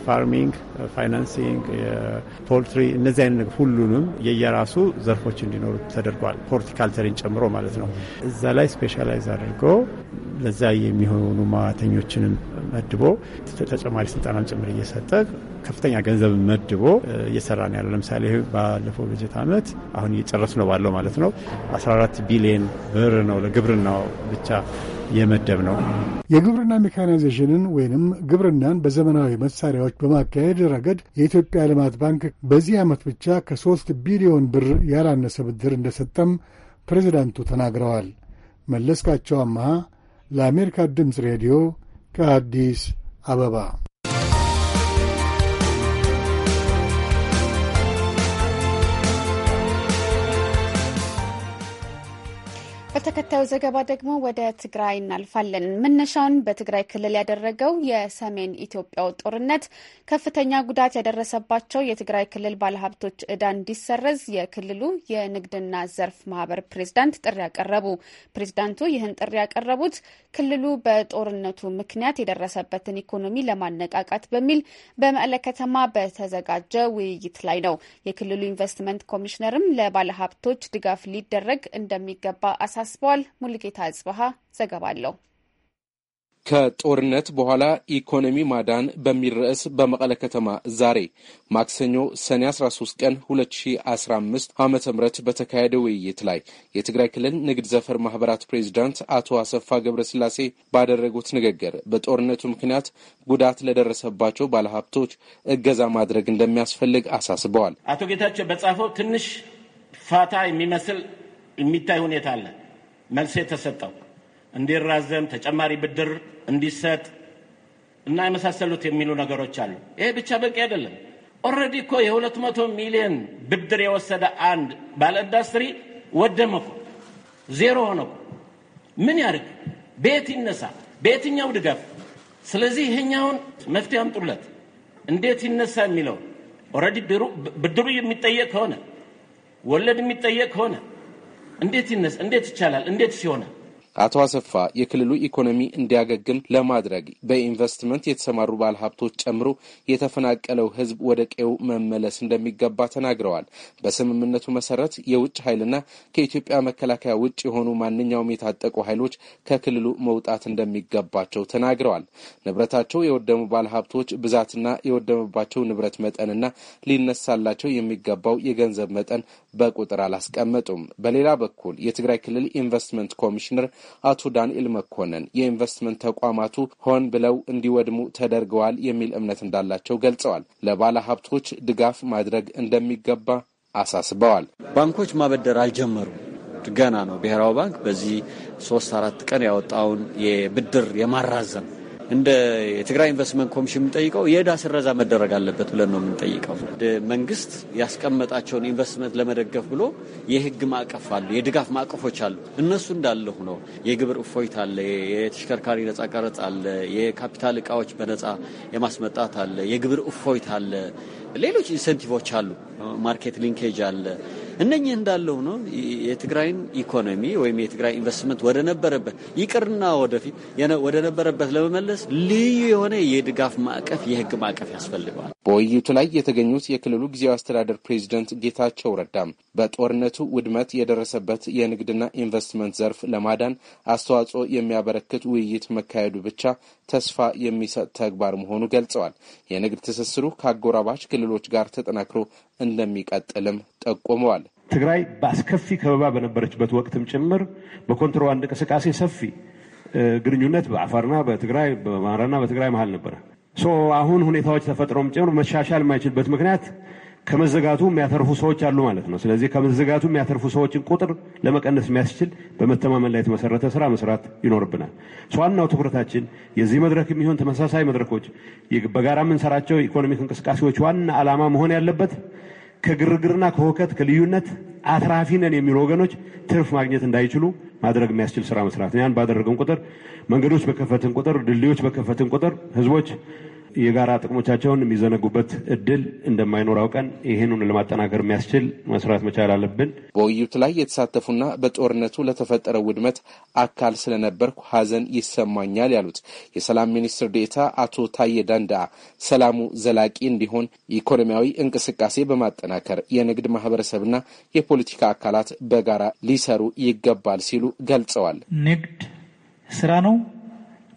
ፋርሚንግ፣ ፋይናንሲንግ፣ የፖልትሪ እነዚህ አይነት ሁሉንም የየራሱ ዘርፎች እንዲኖሩ ተደርጓል። ሆርቲካልቸርን ጨምሮ ማለት ነው። እዛ ላይ ስፔሻላይዝ አድርጎ ለዛ የሚሆኑ ማዋተኞችንም መድቦ ተጨማሪ ስልጠናን ጭምር እየሰጠ ከፍተኛ ገንዘብ መድቦ uh, እየሰራ ነው ያለው። ለምሳሌ ባለፈው በጀት ዓመት አሁን እየጨረስ ነው ባለው ማለት ነው 14 ቢሊየን ብር ነው ለግብርናው ብቻ የመደብ ነው። የግብርና ሜካናይዜሽንን ወይንም ግብርናን በዘመናዊ መሳሪያዎች በማካሄድ ረገድ የኢትዮጵያ ልማት ባንክ በዚህ ዓመት ብቻ ከሶስት ቢሊዮን ብር ያላነሰ ብድር እንደሰጠም ፕሬዚዳንቱ ተናግረዋል። መለስካቸው አመሃ ለአሜሪካ ድምፅ ሬዲዮ ከአዲስ አበባ በተከታዩ ዘገባ ደግሞ ወደ ትግራይ እናልፋለን። መነሻውን በትግራይ ክልል ያደረገው የሰሜን ኢትዮጵያው ጦርነት ከፍተኛ ጉዳት ያደረሰባቸው የትግራይ ክልል ባለሀብቶች እዳ እንዲሰረዝ የክልሉ የንግድና ዘርፍ ማህበር ፕሬዝዳንት ጥሪ ያቀረቡ። ፕሬዝዳንቱ ይህን ጥሪ ያቀረቡት ክልሉ በጦርነቱ ምክንያት የደረሰበትን ኢኮኖሚ ለማነቃቃት በሚል በመቀለ ከተማ በተዘጋጀ ውይይት ላይ ነው። የክልሉ ኢንቨስትመንት ኮሚሽነርም ለባለሀብቶች ድጋፍ ሊደረግ እንደሚገባ አሳ አሳስበዋል። ሙልጌታ አጽበሃ ዘገባ አለው። ከጦርነት በኋላ ኢኮኖሚ ማዳን በሚል ርዕስ በመቀለ ከተማ ዛሬ ማክሰኞ ሰኔ 13 ቀን 2015 ዓ ም በተካሄደ ውይይት ላይ የትግራይ ክልል ንግድ ዘፈር ማህበራት ፕሬዚዳንት አቶ አሰፋ ገብረስላሴ ባደረጉት ንግግር በጦርነቱ ምክንያት ጉዳት ለደረሰባቸው ባለሀብቶች እገዛ ማድረግ እንደሚያስፈልግ አሳስበዋል። አቶ ጌታቸው በጻፈው ትንሽ ፋታ የሚመስል የሚታይ ሁኔታ አለ መልስ የተሰጠው እንዲራዘም፣ ተጨማሪ ብድር እንዲሰጥ እና የመሳሰሉት የሚሉ ነገሮች አሉ። ይሄ ብቻ በቂ አይደለም። ኦልሬዲ እኮ የ200 ሚሊዮን ብድር የወሰደ አንድ ባለ ኢንዱስትሪ ወደመ እኮ ዜሮ ሆነ እኮ። ምን ያድርግ? ቤት ይነሳ? በየትኛው ድጋፍ? ስለዚህ ይሄኛውን መፍትሄ አምጡለት፣ እንዴት ይነሳ የሚለው ኦልሬዲ ብድሩ የሚጠየቅ ከሆነ ወለድ የሚጠየቅ ከሆነ እንዴት ይነስ እንዴት ይቻላል እንዴት ሲሆነ አቶ አሰፋ የክልሉ ኢኮኖሚ እንዲያገግም ለማድረግ በኢንቨስትመንት የተሰማሩ ባለ ሀብቶች ጨምሮ የተፈናቀለው ህዝብ ወደ ቀዬው መመለስ እንደሚገባ ተናግረዋል። በስምምነቱ መሰረት የውጭ ኃይልና ከኢትዮጵያ መከላከያ ውጭ የሆኑ ማንኛውም የታጠቁ ኃይሎች ከክልሉ መውጣት እንደሚገባቸው ተናግረዋል። ንብረታቸው የወደሙ ባለ ሀብቶች ብዛትና የወደመባቸው ንብረት መጠንና ሊነሳላቸው የሚገባው የገንዘብ መጠን በቁጥር አላስቀመጡም። በሌላ በኩል የትግራይ ክልል ኢንቨስትመንት ኮሚሽነር አቶ ዳንኤል መኮንን የኢንቨስትመንት ተቋማቱ ሆን ብለው እንዲወድሙ ተደርገዋል የሚል እምነት እንዳላቸው ገልጸዋል። ለባለ ሀብቶች ድጋፍ ማድረግ እንደሚገባ አሳስበዋል። ባንኮች ማበደር አልጀመሩም፣ ገና ነው። ብሔራዊ ባንክ በዚህ ሶስት አራት ቀን ያወጣውን የብድር የማራዘም እንደ የትግራይ ኢንቨስትመንት ኮሚሽን የምንጠይቀው የዕዳ ስረዛ መደረግ አለበት ብለን ነው የምንጠይቀው። መንግስት ያስቀመጣቸውን ኢንቨስትመንት ለመደገፍ ብሎ የህግ ማዕቀፍ አሉ፣ የድጋፍ ማዕቀፎች አሉ። እነሱ እንዳለ ሆነው የግብር እፎይት አለ፣ የተሽከርካሪ ነጻ ቀረጽ አለ፣ የካፒታል እቃዎች በነጻ የማስመጣት አለ፣ የግብር እፎይት አለ፣ ሌሎች ኢንሴንቲቮች አሉ፣ ማርኬት ሊንኬጅ አለ እነኚህ እንዳለው ነው የትግራይን ኢኮኖሚ ወይም የትግራይ ኢንቨስትመንት ወደ ነበረበት ይቅርና ወደፊት ወደ ነበረበት ለመመለስ ልዩ የሆነ የድጋፍ ማዕቀፍ የህግ ማዕቀፍ ያስፈልገዋል። በውይይቱ ላይ የተገኙት የክልሉ ጊዜያዊ አስተዳደር ፕሬዚደንት ጌታቸው ረዳም በጦርነቱ ውድመት የደረሰበት የንግድና ኢንቨስትመንት ዘርፍ ለማዳን አስተዋጽኦ የሚያበረክት ውይይት መካሄዱ ብቻ ተስፋ የሚሰጥ ተግባር መሆኑ ገልጸዋል። የንግድ ትስስሩ ከአጎራባች ክልሎች ጋር ተጠናክሮ እንደሚቀጥልም ጠቁመዋል። ትግራይ በአስከፊ ከበባ በነበረችበት ወቅትም ጭምር በኮንትሮባንድ እንቅስቃሴ ሰፊ ግንኙነት በአፋርና በትግራይ በአማራና በትግራይ መሀል ነበረ። አሁን ሁኔታዎች ተፈጥሮም ጭምር መሻሻል የማይችልበት ምክንያት ከመዘጋቱ የሚያተርፉ ሰዎች አሉ ማለት ነው። ስለዚህ ከመዘጋቱ የሚያተርፉ ሰዎችን ቁጥር ለመቀነስ የሚያስችል በመተማመን ላይ የተመሰረተ ስራ መስራት ይኖርብናል። ዋናው ትኩረታችን የዚህ መድረክ የሚሆን ተመሳሳይ መድረኮች በጋራ የምንሰራቸው ኢኮኖሚክ እንቅስቃሴዎች ዋና ዓላማ መሆን ያለበት ከግርግርና ከሁከት ከልዩነት አትራፊ ነን የሚሉ ወገኖች ትርፍ ማግኘት እንዳይችሉ ማድረግ የሚያስችል ስራ መስራት ያን ባደረግን ቁጥር መንገዶች በከፈትን ቁጥር ድልድዮች በከፈትን ቁጥር ህዝቦች የጋራ ጥቅሞቻቸውን የሚዘነጉበት እድል እንደማይኖር አውቀን ይህንን ለማጠናከር የሚያስችል መስራት መቻል አለብን። በውይይቱ ላይ የተሳተፉና በጦርነቱ ለተፈጠረው ውድመት አካል ስለነበርኩ ሀዘን ይሰማኛል ያሉት የሰላም ሚኒስትር ዴታ አቶ ታዬ ዳንዳ ሰላሙ ዘላቂ እንዲሆን ኢኮኖሚያዊ እንቅስቃሴ በማጠናከር የንግድ ማህበረሰብና የፖለቲካ አካላት በጋራ ሊሰሩ ይገባል ሲሉ ገልጸዋል። ንግድ ስራ ነው።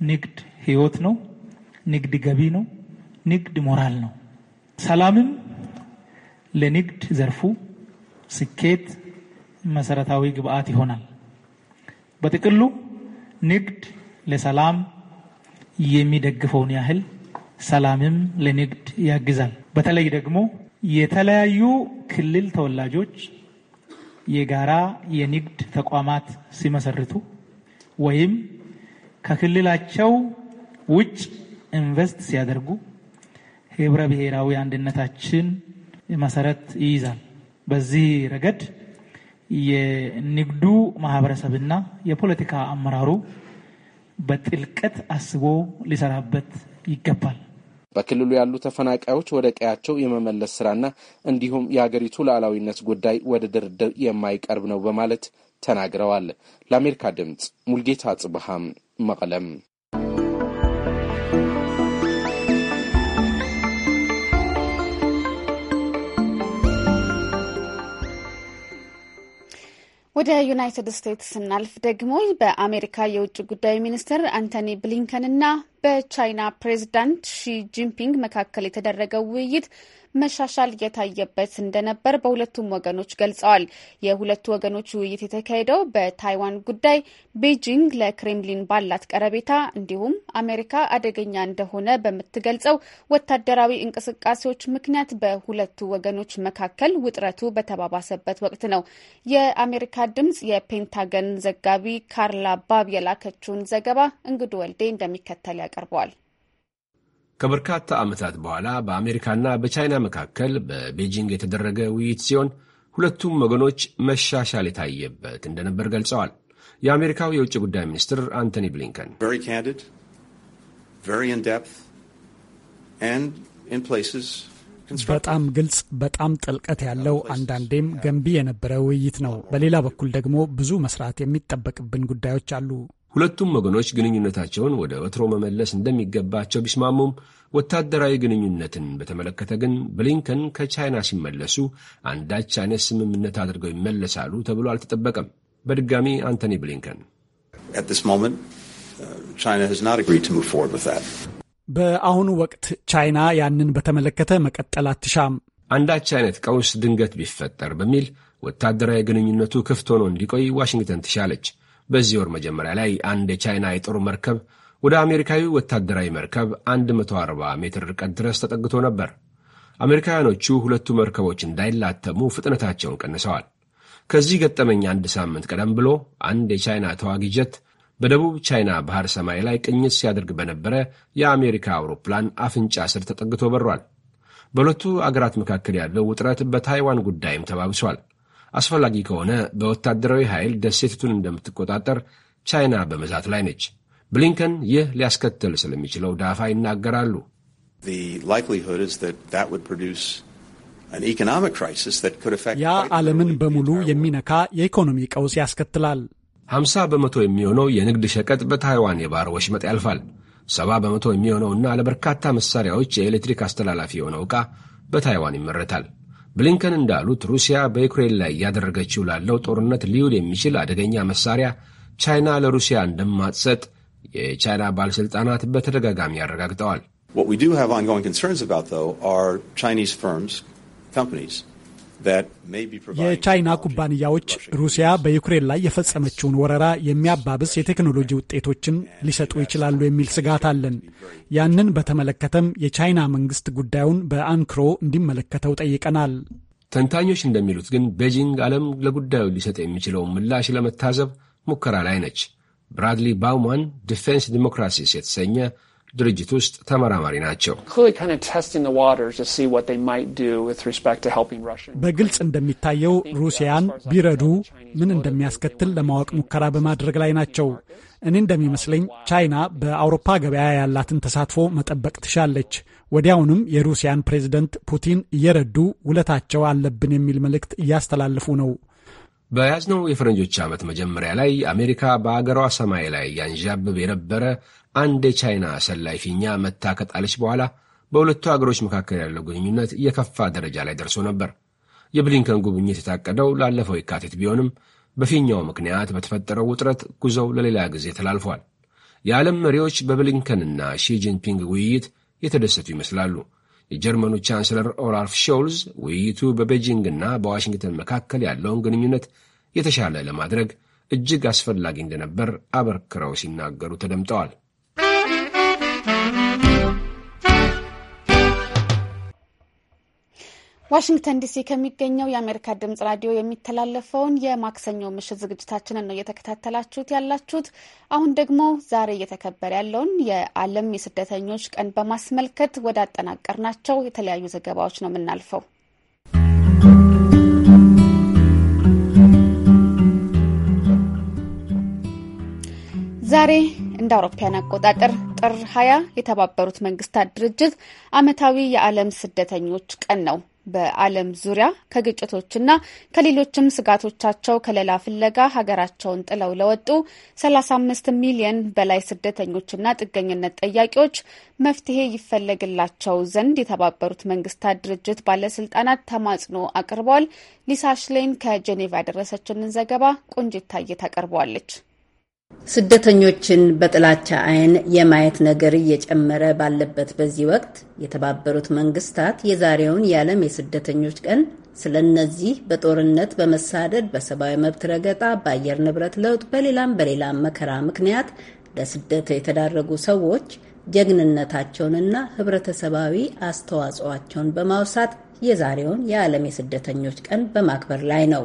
ንግድ ህይወት ነው። ንግድ ገቢ ነው። ንግድ ሞራል ነው። ሰላምም ለንግድ ዘርፉ ስኬት መሰረታዊ ግብአት ይሆናል። በጥቅሉ ንግድ ለሰላም የሚደግፈውን ያህል ሰላምም ለንግድ ያግዛል። በተለይ ደግሞ የተለያዩ ክልል ተወላጆች የጋራ የንግድ ተቋማት ሲመሰርቱ ወይም ከክልላቸው ውጭ ኢንቨስት ሲያደርጉ ህብረ ብሔራዊ አንድነታችን መሰረት ይይዛል። በዚህ ረገድ የንግዱ ማህበረሰብና የፖለቲካ አመራሩ በጥልቀት አስቦ ሊሰራበት ይገባል። በክልሉ ያሉ ተፈናቃዮች ወደ ቀያቸው የመመለስ ስራና እንዲሁም የሀገሪቱ ሉዓላዊነት ጉዳይ ወደ ድርድር የማይቀርብ ነው በማለት ተናግረዋል። ለአሜሪካ ድምፅ ሙልጌታ ጽብሃም መቀለም ወደ ዩናይትድ ስቴትስ ስናልፍ ደግሞ በአሜሪካ የውጭ ጉዳይ ሚኒስትር አንቶኒ ብሊንከንና በቻይና ፕሬዚዳንት ሺ ጂንፒንግ መካከል የተደረገው ውይይት መሻሻል እየታየበት እንደነበር በሁለቱም ወገኖች ገልጸዋል። የሁለቱ ወገኖች ውይይት የተካሄደው በታይዋን ጉዳይ ቤጂንግ ለክሬምሊን ባላት ቀረቤታ እንዲሁም አሜሪካ አደገኛ እንደሆነ በምትገልጸው ወታደራዊ እንቅስቃሴዎች ምክንያት በሁለቱ ወገኖች መካከል ውጥረቱ በተባባሰበት ወቅት ነው። የአሜሪካ ድምጽ የፔንታገን ዘጋቢ ካርላ ባብ የላከችውን ዘገባ እንግዱ ወልዴ እንደሚከተል ያቀ ያቀርበዋል። ከበርካታ ዓመታት በኋላ በአሜሪካና በቻይና መካከል በቤጂንግ የተደረገ ውይይት ሲሆን ሁለቱም ወገኖች መሻሻል የታየበት እንደነበር ገልጸዋል። የአሜሪካው የውጭ ጉዳይ ሚኒስትር አንቶኒ ብሊንከን በጣም ግልጽ፣ በጣም ጥልቀት ያለው አንዳንዴም ገንቢ የነበረ ውይይት ነው። በሌላ በኩል ደግሞ ብዙ መስራት የሚጠበቅብን ጉዳዮች አሉ። ሁለቱም ወገኖች ግንኙነታቸውን ወደ ወትሮ መመለስ እንደሚገባቸው ቢስማሙም ወታደራዊ ግንኙነትን በተመለከተ ግን ብሊንከን ከቻይና ሲመለሱ አንዳች አይነት ስምምነት አድርገው ይመለሳሉ ተብሎ አልተጠበቀም። በድጋሚ አንቶኒ ብሊንከን uh, በአሁኑ ወቅት ቻይና ያንን በተመለከተ መቀጠል አትሻም። አንዳች አይነት ቀውስ ድንገት ቢፈጠር በሚል ወታደራዊ ግንኙነቱ ክፍት ሆኖ እንዲቆይ ዋሽንግተን ትሻለች። በዚህ ወር መጀመሪያ ላይ አንድ የቻይና የጦር መርከብ ወደ አሜሪካዊ ወታደራዊ መርከብ 140 ሜትር ርቀት ድረስ ተጠግቶ ነበር። አሜሪካውያኖቹ ሁለቱ መርከቦች እንዳይላተሙ ፍጥነታቸውን ቀንሰዋል። ከዚህ ገጠመኝ አንድ ሳምንት ቀደም ብሎ አንድ የቻይና ተዋጊ ጀት በደቡብ ቻይና ባህር ሰማይ ላይ ቅኝት ሲያደርግ በነበረ የአሜሪካ አውሮፕላን አፍንጫ ስር ተጠግቶ በሯል። በሁለቱ አገራት መካከል ያለው ውጥረት በታይዋን ጉዳይም ተባብሷል። አስፈላጊ ከሆነ በወታደራዊ ኃይል ደሴቲቱን እንደምትቆጣጠር ቻይና በመዛት ላይ ነች። ብሊንከን ይህ ሊያስከትል ስለሚችለው ዳፋ ይናገራሉ። ያ ዓለምን በሙሉ የሚነካ የኢኮኖሚ ቀውስ ያስከትላል። 50 በመቶ የሚሆነው የንግድ ሸቀጥ በታይዋን የባህር ወሽመጥ ያልፋል። ሰባ በመቶ የሚሆነውና ለበርካታ መሳሪያዎች የኤሌክትሪክ አስተላላፊ የሆነው ዕቃ በታይዋን ይመረታል። ብሊንከን እንዳሉት ሩሲያ በዩክሬን ላይ እያደረገችው ላለው ጦርነት ሊውል የሚችል አደገኛ መሳሪያ ቻይና ለሩሲያ እንደማትሰጥ የቻይና ባለሥልጣናት በተደጋጋሚ አረጋግጠዋል። የቻይና ኩባንያዎች ሩሲያ በዩክሬን ላይ የፈጸመችውን ወረራ የሚያባብስ የቴክኖሎጂ ውጤቶችን ሊሰጡ ይችላሉ የሚል ስጋት አለን። ያንን በተመለከተም የቻይና መንግስት ጉዳዩን በአንክሮ እንዲመለከተው ጠይቀናል። ተንታኞች እንደሚሉት ግን ቤጂንግ ዓለም ለጉዳዩ ሊሰጥ የሚችለውን ምላሽ ለመታዘብ ሙከራ ላይ ነች። ብራድሊ ባውማን ዲፌንስ ዲሞክራሲስ የተሰኘ ድርጅት ውስጥ ተመራማሪ ናቸው። በግልጽ እንደሚታየው ሩሲያን ቢረዱ ምን እንደሚያስከትል ለማወቅ ሙከራ በማድረግ ላይ ናቸው። እኔ እንደሚመስለኝ ቻይና በአውሮፓ ገበያ ያላትን ተሳትፎ መጠበቅ ትሻለች። ወዲያውንም የሩሲያን ፕሬዝደንት ፑቲን እየረዱ ውለታቸው አለብን የሚል መልእክት እያስተላለፉ ነው። በያዝነው የፈረንጆች ዓመት መጀመሪያ ላይ አሜሪካ በአገሯ ሰማይ ላይ ያንዣብብ የነበረ አንድ የቻይና ሰላይ ፊኛ መታ ከጣለች በኋላ በሁለቱ አገሮች መካከል ያለው ግንኙነት የከፋ ደረጃ ላይ ደርሶ ነበር። የብሊንከን ጉብኝት የታቀደው ላለፈው የካቲት ቢሆንም በፊኛው ምክንያት በተፈጠረው ውጥረት ጉዞው ለሌላ ጊዜ ተላልፏል። የዓለም መሪዎች በብሊንከንና ሺጂንፒንግ ውይይት የተደሰቱ ይመስላሉ። የጀርመኑ ቻንስለር ኦላፍ ሾልዝ ውይይቱ በቤጂንግና በዋሽንግተን መካከል ያለውን ግንኙነት የተሻለ ለማድረግ እጅግ አስፈላጊ እንደነበር አበርክረው ሲናገሩ ተደምጠዋል። ዋሽንግተን ዲሲ ከሚገኘው የአሜሪካ ድምጽ ራዲዮ የሚተላለፈውን የማክሰኞ ምሽት ዝግጅታችንን ነው እየተከታተላችሁት ያላችሁት። አሁን ደግሞ ዛሬ እየተከበረ ያለውን የዓለም የስደተኞች ቀን በማስመልከት ወደ ናቸው የተለያዩ ዘገባዎች ነው የምናልፈው። ዛሬ እንደ አውሮፓያን አቆጣጠር ጥር 20 የተባበሩት መንግስታት ድርጅት ዓመታዊ የዓለም ስደተኞች ቀን ነው። በዓለም ዙሪያ ከግጭቶችና ከሌሎችም ስጋቶቻቸው ከለላ ፍለጋ ሀገራቸውን ጥለው ለወጡ 35 ሚሊየን በላይ ስደተኞችና ጥገኝነት ጠያቂዎች መፍትሄ ይፈለግላቸው ዘንድ የተባበሩት መንግስታት ድርጅት ባለስልጣናት ተማጽኖ አቅርበዋል። ሊሳ ሽሌን ከጄኔቫ ያደረሰችንን ዘገባ ቆንጂት ታቀርበዋለች። ስደተኞችን በጥላቻ አይን የማየት ነገር እየጨመረ ባለበት በዚህ ወቅት የተባበሩት መንግስታት የዛሬውን የዓለም የስደተኞች ቀን ስለ እነዚህ በጦርነት፣ በመሳደድ፣ በሰብአዊ መብት ረገጣ፣ በአየር ንብረት ለውጥ፣ በሌላም በሌላም መከራ ምክንያት ለስደት የተዳረጉ ሰዎች ጀግንነታቸውንና ህብረተሰባዊ አስተዋጽኦአቸውን በማውሳት የዛሬውን የዓለም የስደተኞች ቀን በማክበር ላይ ነው።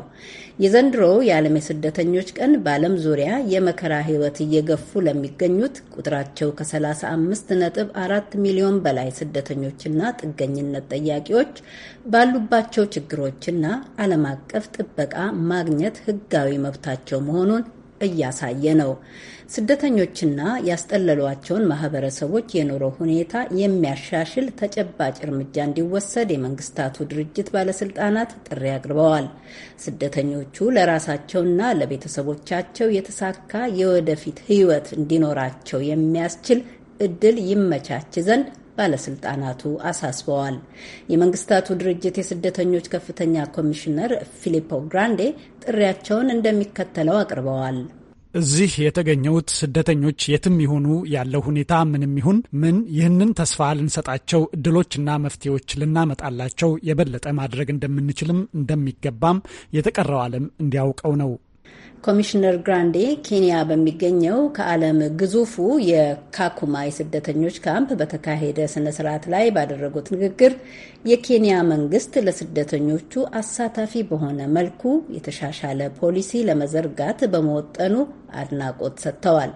የዘንድሮው የዓለም የስደተኞች ቀን በዓለም ዙሪያ የመከራ ሕይወት እየገፉ ለሚገኙት ቁጥራቸው ከ35 ነጥብ 4 ሚሊዮን በላይ ስደተኞችና ጥገኝነት ጠያቂዎች ባሉባቸው ችግሮችና ዓለም አቀፍ ጥበቃ ማግኘት ሕጋዊ መብታቸው መሆኑን እያሳየ ነው። ስደተኞችና ያስጠለሏቸውን ማህበረሰቦች የኑሮ ሁኔታ የሚያሻሽል ተጨባጭ እርምጃ እንዲወሰድ የመንግስታቱ ድርጅት ባለስልጣናት ጥሪ አቅርበዋል። ስደተኞቹ ለራሳቸውና ለቤተሰቦቻቸው የተሳካ የወደፊት ሕይወት እንዲኖራቸው የሚያስችል እድል ይመቻች ዘንድ ባለስልጣናቱ አሳስበዋል። የመንግስታቱ ድርጅት የስደተኞች ከፍተኛ ኮሚሽነር ፊሊፖ ግራንዴ ጥሪያቸውን እንደሚከተለው አቅርበዋል። እዚህ የተገኘሁት ስደተኞች የትም ይሆኑ ያለው ሁኔታ ምንም ይሁን ምን ይህንን ተስፋ ልንሰጣቸው እድሎችና መፍትሄዎች ልናመጣላቸው የበለጠ ማድረግ እንደምንችልም እንደሚገባም የተቀረው ዓለም እንዲያውቀው ነው። ኮሚሽነር ግራንዴ ኬንያ በሚገኘው ከዓለም ግዙፉ የካኩማ የስደተኞች ካምፕ በተካሄደ ስነ ስርዓት ላይ ባደረጉት ንግግር የኬንያ መንግስት ለስደተኞቹ አሳታፊ በሆነ መልኩ የተሻሻለ ፖሊሲ ለመዘርጋት በመወጠኑ አድናቆት ሰጥተዋል።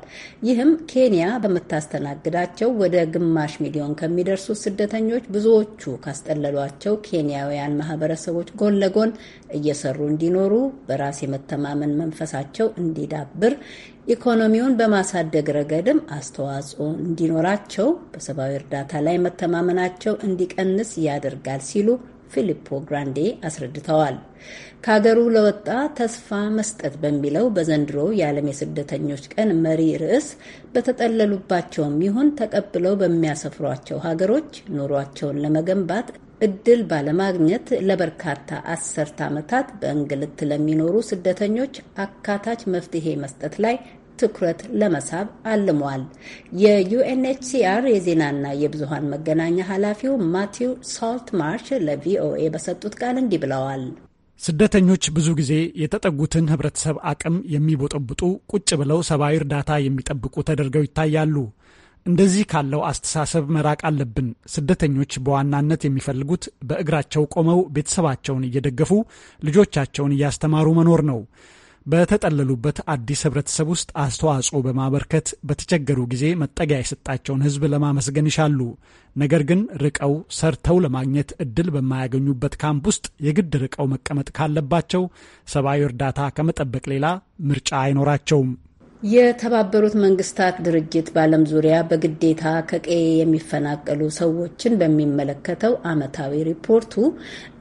ይህም ኬንያ በምታስተናግዳቸው ወደ ግማሽ ሚሊዮን ከሚደርሱ ስደተኞች ብዙዎቹ ካስጠለሏቸው ኬንያውያን ማህበረሰቦች ጎን ለጎን እየሰሩ እንዲኖሩ፣ በራስ የመተማመን መንፈሳቸው እንዲዳብር ኢኮኖሚውን በማሳደግ ረገድም አስተዋጽኦ እንዲኖራቸው በሰብአዊ እርዳታ ላይ መተማመናቸው እንዲቀንስ ያደርጋል ሲሉ ፊሊፖ ግራንዴ አስረድተዋል። ከሀገሩ ለወጣ ተስፋ መስጠት በሚለው በዘንድሮ የዓለም የስደተኞች ቀን መሪ ርዕስ በተጠለሉባቸውም ይሁን ተቀብለው በሚያሰፍሯቸው ሀገሮች ኑሯቸውን ለመገንባት እድል ባለማግኘት ለበርካታ አስርት ዓመታት በእንግልት ለሚኖሩ ስደተኞች አካታች መፍትሄ መስጠት ላይ ትኩረት ለመሳብ አልሟል። የዩኤንኤችሲአር የዜናና የብዙሀን መገናኛ ኃላፊው ማቲው ሳልትማርሽ ማርሽ ለቪኦኤ በሰጡት ቃል እንዲህ ብለዋል። ስደተኞች ብዙ ጊዜ የተጠጉትን ህብረተሰብ አቅም የሚቦጠብጡ ቁጭ ብለው ሰብአዊ እርዳታ የሚጠብቁ ተደርገው ይታያሉ። እንደዚህ ካለው አስተሳሰብ መራቅ አለብን። ስደተኞች በዋናነት የሚፈልጉት በእግራቸው ቆመው ቤተሰባቸውን እየደገፉ ልጆቻቸውን እያስተማሩ መኖር ነው። በተጠለሉበት አዲስ ህብረተሰብ ውስጥ አስተዋጽኦ በማበርከት በተቸገሩ ጊዜ መጠጊያ የሰጣቸውን ህዝብ ለማመስገን ይሻሉ። ነገር ግን ርቀው ሰርተው ለማግኘት እድል በማያገኙበት ካምፕ ውስጥ የግድ ርቀው መቀመጥ ካለባቸው ሰብአዊ እርዳታ ከመጠበቅ ሌላ ምርጫ አይኖራቸውም። የተባበሩት መንግስታት ድርጅት በዓለም ዙሪያ በግዴታ ከቀዬ የሚፈናቀሉ ሰዎችን በሚመለከተው ዓመታዊ ሪፖርቱ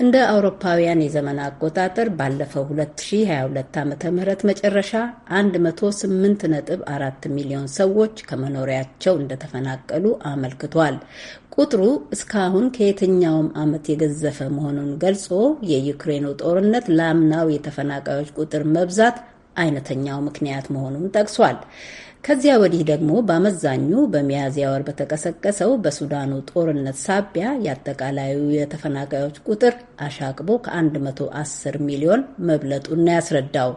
እንደ አውሮፓውያን የዘመን አቆጣጠር ባለፈው 2022 ም መጨረሻ 108.4 ሚሊዮን ሰዎች ከመኖሪያቸው እንደተፈናቀሉ አመልክቷል። ቁጥሩ እስካሁን ከየትኛውም ዓመት የገዘፈ መሆኑን ገልጾ የዩክሬኑ ጦርነት ለአምናው የተፈናቃዮች ቁጥር መብዛት አይነተኛው ምክንያት መሆኑን ጠቅሷል። ከዚያ ወዲህ ደግሞ በአመዛኙ በሚያዝያ ወር በተቀሰቀሰው በሱዳኑ ጦርነት ሳቢያ የአጠቃላዩ የተፈናቃዮች ቁጥር አሻቅቦ ከ110 ሚሊዮን መብለጡን ያስረዳው።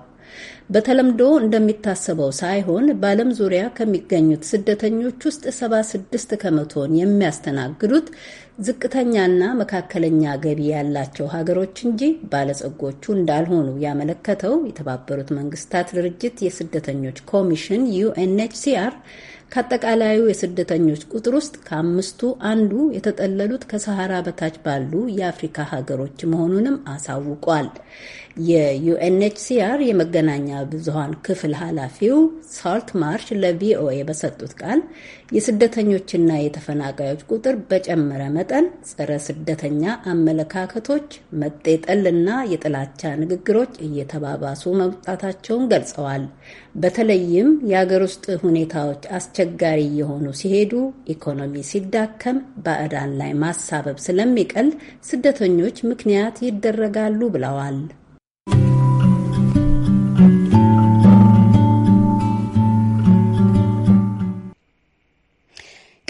በተለምዶ እንደሚታሰበው ሳይሆን በዓለም ዙሪያ ከሚገኙት ስደተኞች ውስጥ 76 ከመቶን የሚያስተናግዱት ዝቅተኛና መካከለኛ ገቢ ያላቸው ሀገሮች እንጂ ባለጸጎቹ እንዳልሆኑ ያመለከተው የተባበሩት መንግስታት ድርጅት የስደተኞች ኮሚሽን ዩኤንኤችሲአር ከአጠቃላዩ የስደተኞች ቁጥር ውስጥ ከአምስቱ አንዱ የተጠለሉት ከሰሃራ በታች ባሉ የአፍሪካ ሀገሮች መሆኑንም አሳውቋል። የዩኤንኤችሲአር የመገናኛ ብዙሀን ክፍል ኃላፊው ሳልት ማርሽ ለቪኦኤ በሰጡት ቃል የስደተኞችና የተፈናቃዮች ቁጥር በጨመረ መጠን ጸረ ስደተኛ አመለካከቶች፣ መጤጠልና የጥላቻ ንግግሮች እየተባባሱ መምጣታቸውን ገልጸዋል። በተለይም የአገር ውስጥ ሁኔታዎች አስቸጋሪ የሆኑ ሲሄዱ ኢኮኖሚ ሲዳከም ባዕዳን ላይ ማሳበብ ስለሚቀል ስደተኞች ምክንያት ይደረጋሉ ብለዋል።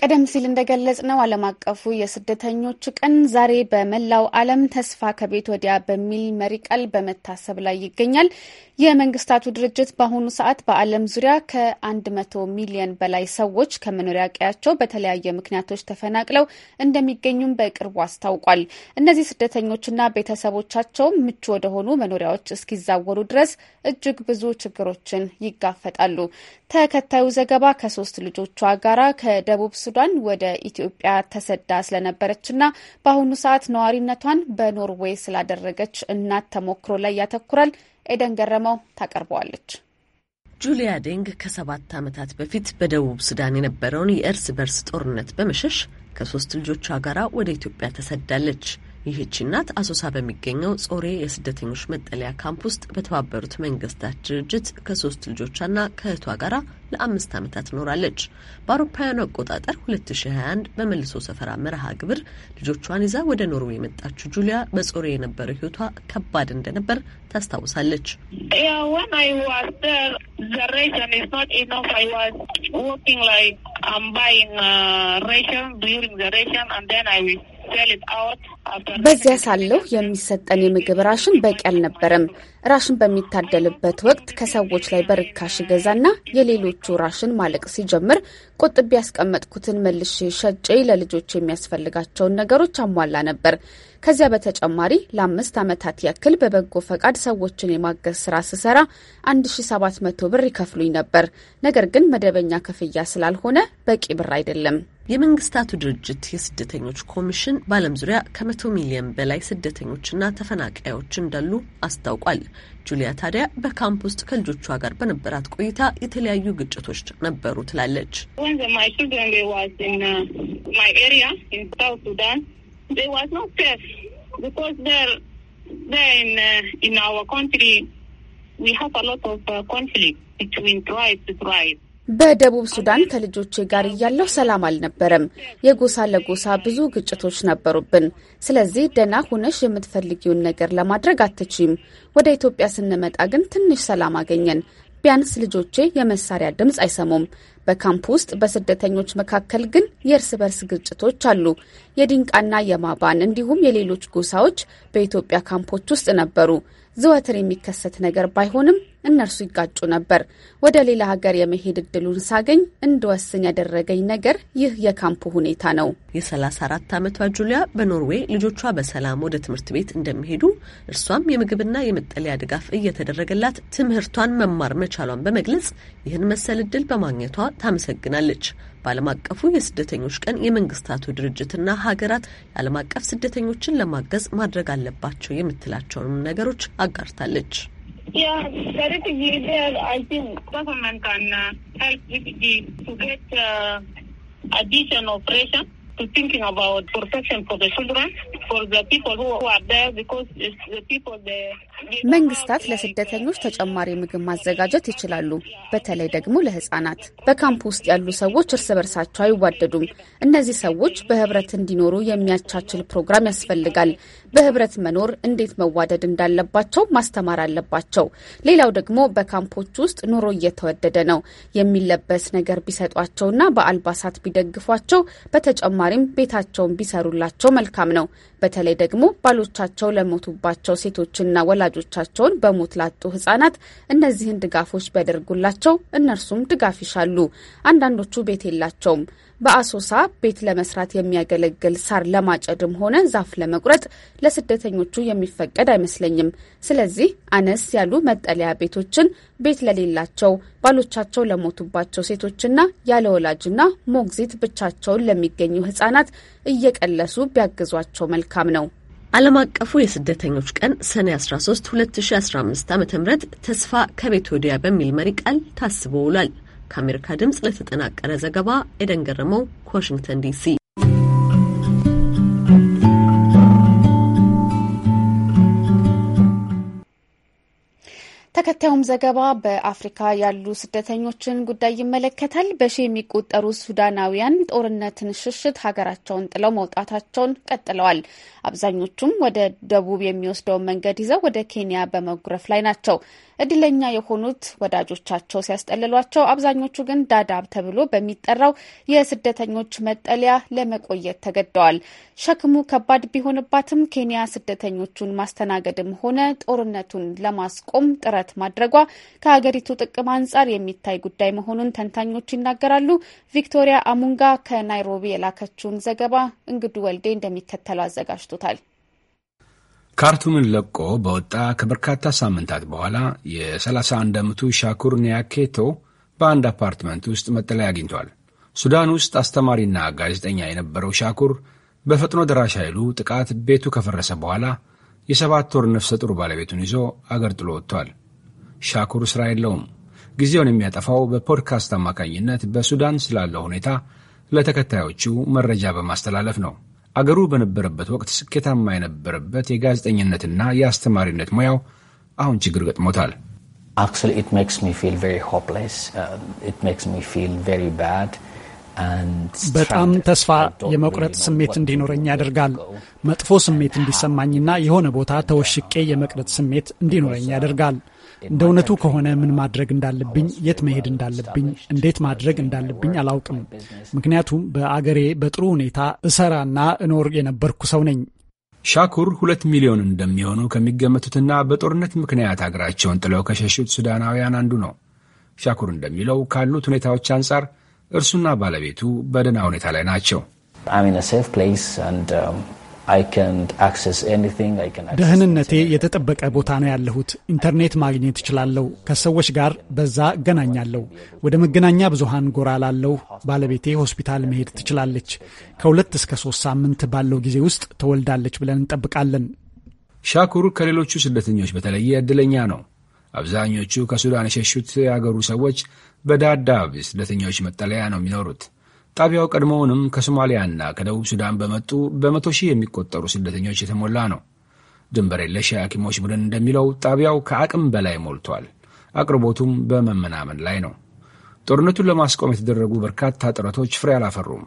ቀደም ሲል እንደገለጽ ነው ዓለም አቀፉ የስደተኞች ቀን ዛሬ በመላው ዓለም ተስፋ ከቤት ወዲያ በሚል መሪ ቃል በመታሰብ ላይ ይገኛል። የመንግስታቱ ድርጅት በአሁኑ ሰዓት በዓለም ዙሪያ ከ100 ሚሊዮን በላይ ሰዎች ከመኖሪያ ቀያቸው በተለያየ ምክንያቶች ተፈናቅለው እንደሚገኙም በቅርቡ አስታውቋል። እነዚህ ስደተኞችና ቤተሰቦቻቸው ምቹ ወደሆኑ መኖሪያዎች እስኪዛወሩ ድረስ እጅግ ብዙ ችግሮችን ይጋፈጣሉ። ተከታዩ ዘገባ ከሶስት ልጆቿ ጋራ ከደቡብ ከሱዳን ወደ ኢትዮጵያ ተሰዳ ስለነበረችና በአሁኑ ሰዓት ነዋሪነቷን በኖርዌይ ስላደረገች እናት ተሞክሮ ላይ ያተኩራል። ኤደን ገረመው ታቀርበዋለች። ጁሊያ ዴንግ ከሰባት ዓመታት በፊት በደቡብ ሱዳን የነበረውን የእርስ በርስ ጦርነት በመሸሽ ከሶስት ልጆቿ ጋር ወደ ኢትዮጵያ ተሰዳለች። ይህች እናት አሶሳ በሚገኘው ጾሬ የስደተኞች መጠለያ ካምፕ ውስጥ በተባበሩት መንግስታት ድርጅት ከሶስት ልጆቿና ከእህቷ ጋር ለአምስት ዓመታት ኖራለች። በአውሮፓውያኑ አቆጣጠር 2021 በመልሶ ሰፈራ መርሃ ግብር ልጆቿን ይዛ ወደ ኖርዌ የመጣችው ጁሊያ በጾሬ የነበረው ህይወቷ ከባድ እንደነበር ታስታውሳለች። the ration is not enough. I was working like I'm buying uh, ration during the ration and then I will sell it out. በዚያ ሳለሁ የሚሰጠን የምግብ ራሽን በቂ አልነበረም። ራሽን በሚታደልበት ወቅት ከሰዎች ላይ በርካሽ ገዛና የሌሎቹ ራሽን ማለቅ ሲጀምር ቁጥ ያስቀመጥኩትን መልሼ ሸጬ ለልጆች የሚያስፈልጋቸውን ነገሮች አሟላ ነበር። ከዚያ በተጨማሪ ለአምስት ዓመታት ያክል በበጎ ፈቃድ ሰዎችን የማገዝ ስራ ስሰራ 1700 ብር ይከፍሉኝ ነበር። ነገር ግን መደበኛ ክፍያ ስላልሆነ በቂ ብር አይደለም። የመንግስታቱ ድርጅት የስደተኞች ኮሚሽን በዓለም ዙሪያ ከመቶ ሚሊዮን በላይ ስደተኞችና ተፈናቃዮች እንዳሉ አስታውቋል። ጁሊያ ታዲያ በካምፕ ውስጥ ከልጆቿ ጋር በነበራት ቆይታ የተለያዩ ግጭቶች ነበሩ ትላለች። ሪን በደቡብ ሱዳን ከልጆቼ ጋር እያለሁ ሰላም አልነበረም። የጎሳ ለጎሳ ብዙ ግጭቶች ነበሩብን። ስለዚህ ደህና ሆነሽ የምትፈልጊውን ነገር ለማድረግ አትችም። ወደ ኢትዮጵያ ስንመጣ ግን ትንሽ ሰላም አገኘን። ቢያንስ ልጆቼ የመሳሪያ ድምፅ አይሰሙም። በካምፕ ውስጥ በስደተኞች መካከል ግን የእርስ በርስ ግጭቶች አሉ። የዲንቃና የማባን እንዲሁም የሌሎች ጎሳዎች በኢትዮጵያ ካምፖች ውስጥ ነበሩ። ዘወትር የሚከሰት ነገር ባይሆንም እነርሱ ይጋጩ ነበር። ወደ ሌላ ሀገር የመሄድ እድሉን ሳገኝ እንድወስን ያደረገኝ ነገር ይህ የካምፑ ሁኔታ ነው። የ34 ዓመቷ ጁሊያ በኖርዌይ ልጆቿ በሰላም ወደ ትምህርት ቤት እንደሚሄዱ እርሷም የምግብና የመጠለያ ድጋፍ እየተደረገላት ትምህርቷን መማር መቻሏን በመግለጽ ይህን መሰል እድል በማግኘቷ ታመሰግናለች። በዓለም አቀፉ የስደተኞች ቀን የመንግስታቱ ድርጅትና ሀገራት የዓለም አቀፍ ስደተኞችን ለማገዝ ማድረግ አለባቸው የምትላቸውንም ነገሮች አጋርታለች። Yeah, that is easier, I think, government can uh, help with the, to get uh, additional pressure to thinking about protection for the children, for the people who are there, because it's the people there. መንግስታት ለስደተኞች ተጨማሪ ምግብ ማዘጋጀት ይችላሉ። በተለይ ደግሞ ለህጻናት። በካምፕ ውስጥ ያሉ ሰዎች እርስ በርሳቸው አይዋደዱም። እነዚህ ሰዎች በህብረት እንዲኖሩ የሚያቻችል ፕሮግራም ያስፈልጋል። በህብረት መኖር እንዴት መዋደድ እንዳለባቸው ማስተማር አለባቸው። ሌላው ደግሞ በካምፖች ውስጥ ኑሮ እየተወደደ ነው። የሚለበስ ነገር ቢሰጧቸውና በአልባሳት ቢደግፏቸው፣ በተጨማሪም ቤታቸውን ቢሰሩላቸው መልካም ነው። በተለይ ደግሞ ባሎቻቸው ለሞቱባቸው ሴቶችና ወላጆቻቸውን በሞት ላጡ ህጻናት እነዚህን ድጋፎች ቢያደርጉላቸው እነርሱም ድጋፍ ይሻሉ። አንዳንዶቹ ቤት የላቸውም። በአሶሳ ቤት ለመስራት የሚያገለግል ሳር ለማጨድም ሆነ ዛፍ ለመቁረጥ ለስደተኞቹ የሚፈቀድ አይመስለኝም። ስለዚህ አነስ ያሉ መጠለያ ቤቶችን ቤት ለሌላቸው ባሎቻቸው ለሞቱባቸው ሴቶችና ያለ ወላጅና ሞግዚት ብቻቸውን ለሚገኙ ህጻናት እየቀለሱ ቢያግዟቸው መልካም ነው። ዓለም አቀፉ የስደተኞች ቀን ሰኔ 13 2015 ዓ ም ተስፋ ከቤት ወዲያ በሚል መሪ ቃል ታስቦ ውሏል። ከአሜሪካ ድምፅ ለተጠናቀረ ዘገባ ኤደን ገረመው ከዋሽንግተን ዲሲ። ተከታዩም ዘገባ በአፍሪካ ያሉ ስደተኞችን ጉዳይ ይመለከታል። በሺ የሚቆጠሩ ሱዳናውያን ጦርነትን ሽሽት ሀገራቸውን ጥለው መውጣታቸውን ቀጥለዋል። አብዛኞቹም ወደ ደቡብ የሚወስደውን መንገድ ይዘው ወደ ኬንያ በመጉረፍ ላይ ናቸው። እድለኛ የሆኑት ወዳጆቻቸው ሲያስጠልሏቸው፣ አብዛኞቹ ግን ዳዳብ ተብሎ በሚጠራው የስደተኞች መጠለያ ለመቆየት ተገደዋል። ሸክሙ ከባድ ቢሆንባትም ኬንያ ስደተኞቹን ማስተናገድም ሆነ ጦርነቱን ለማስቆም ጥረት ማድረጓ ከሀገሪቱ ጥቅም አንጻር የሚታይ ጉዳይ መሆኑን ተንታኞች ይናገራሉ። ቪክቶሪያ አሙንጋ ከናይሮቢ የላከችውን ዘገባ እንግዱ ወልዴ እንደሚከተለው አዘጋጅቶታል። ካርቱምን ለቆ በወጣ ከበርካታ ሳምንታት በኋላ የ31 ዓመቱ ሻኩር ኒያኬቶ በአንድ አፓርትመንት ውስጥ መጠለያ አግኝቷል። ሱዳን ውስጥ አስተማሪና ጋዜጠኛ የነበረው ሻኩር በፈጥኖ ደራሽ ኃይሉ ጥቃት ቤቱ ከፈረሰ በኋላ የሰባት ወር ነፍሰ ጡር ባለቤቱን ይዞ አገር ጥሎ ወጥቷል። ሻኩር ሥራ የለውም። ጊዜውን የሚያጠፋው በፖድካስት አማካኝነት በሱዳን ስላለው ሁኔታ ለተከታዮቹ መረጃ በማስተላለፍ ነው። አገሩ በነበረበት ወቅት ስኬታማ የነበረበት የጋዜጠኝነትና የአስተማሪነት ሙያው አሁን ችግር ገጥሞታል። um, በጣም ተስፋ የመቁረጥ ስሜት እንዲኖረኝ ያደርጋል። መጥፎ ስሜት እንዲሰማኝና የሆነ ቦታ ተወሽቄ የመቅረት ስሜት እንዲኖረኝ ያደርጋል። እንደ እውነቱ ከሆነ ምን ማድረግ እንዳለብኝ፣ የት መሄድ እንዳለብኝ፣ እንዴት ማድረግ እንዳለብኝ አላውቅም። ምክንያቱም በአገሬ በጥሩ ሁኔታ እሰራና እኖር የነበርኩ ሰው ነኝ። ሻኩር ሁለት ሚሊዮን እንደሚሆኑ ከሚገመቱትና በጦርነት ምክንያት አገራቸውን ጥለው ከሸሹት ሱዳናውያን አንዱ ነው። ሻኩር እንደሚለው ካሉት ሁኔታዎች አንጻር እርሱና ባለቤቱ በደህና ሁኔታ ላይ ናቸው። ደህንነቴ የተጠበቀ ቦታ ነው ያለሁት። ኢንተርኔት ማግኘት እችላለሁ። ከሰዎች ጋር በዛ እገናኛለሁ። ወደ መገናኛ ብዙሃን ጎራ ላለሁ ባለቤቴ ሆስፒታል መሄድ ትችላለች። ከሁለት እስከ ሶስት ሳምንት ባለው ጊዜ ውስጥ ተወልዳለች ብለን እንጠብቃለን። ሻኩር ከሌሎቹ ስደተኞች በተለየ እድለኛ ነው። አብዛኞቹ ከሱዳን የሸሹት የአገሩ ሰዎች በዳዳብ የስደተኞች መጠለያ ነው የሚኖሩት። ጣቢያው ቀድሞውንም ከሶማሊያና ከደቡብ ሱዳን በመጡ በመቶ ሺህ የሚቆጠሩ ስደተኞች የተሞላ ነው። ድንበር የለሽ የሐኪሞች ቡድን እንደሚለው ጣቢያው ከአቅም በላይ ሞልቷል። አቅርቦቱም በመመናመን ላይ ነው። ጦርነቱን ለማስቆም የተደረጉ በርካታ ጥረቶች ፍሬ አላፈሩም።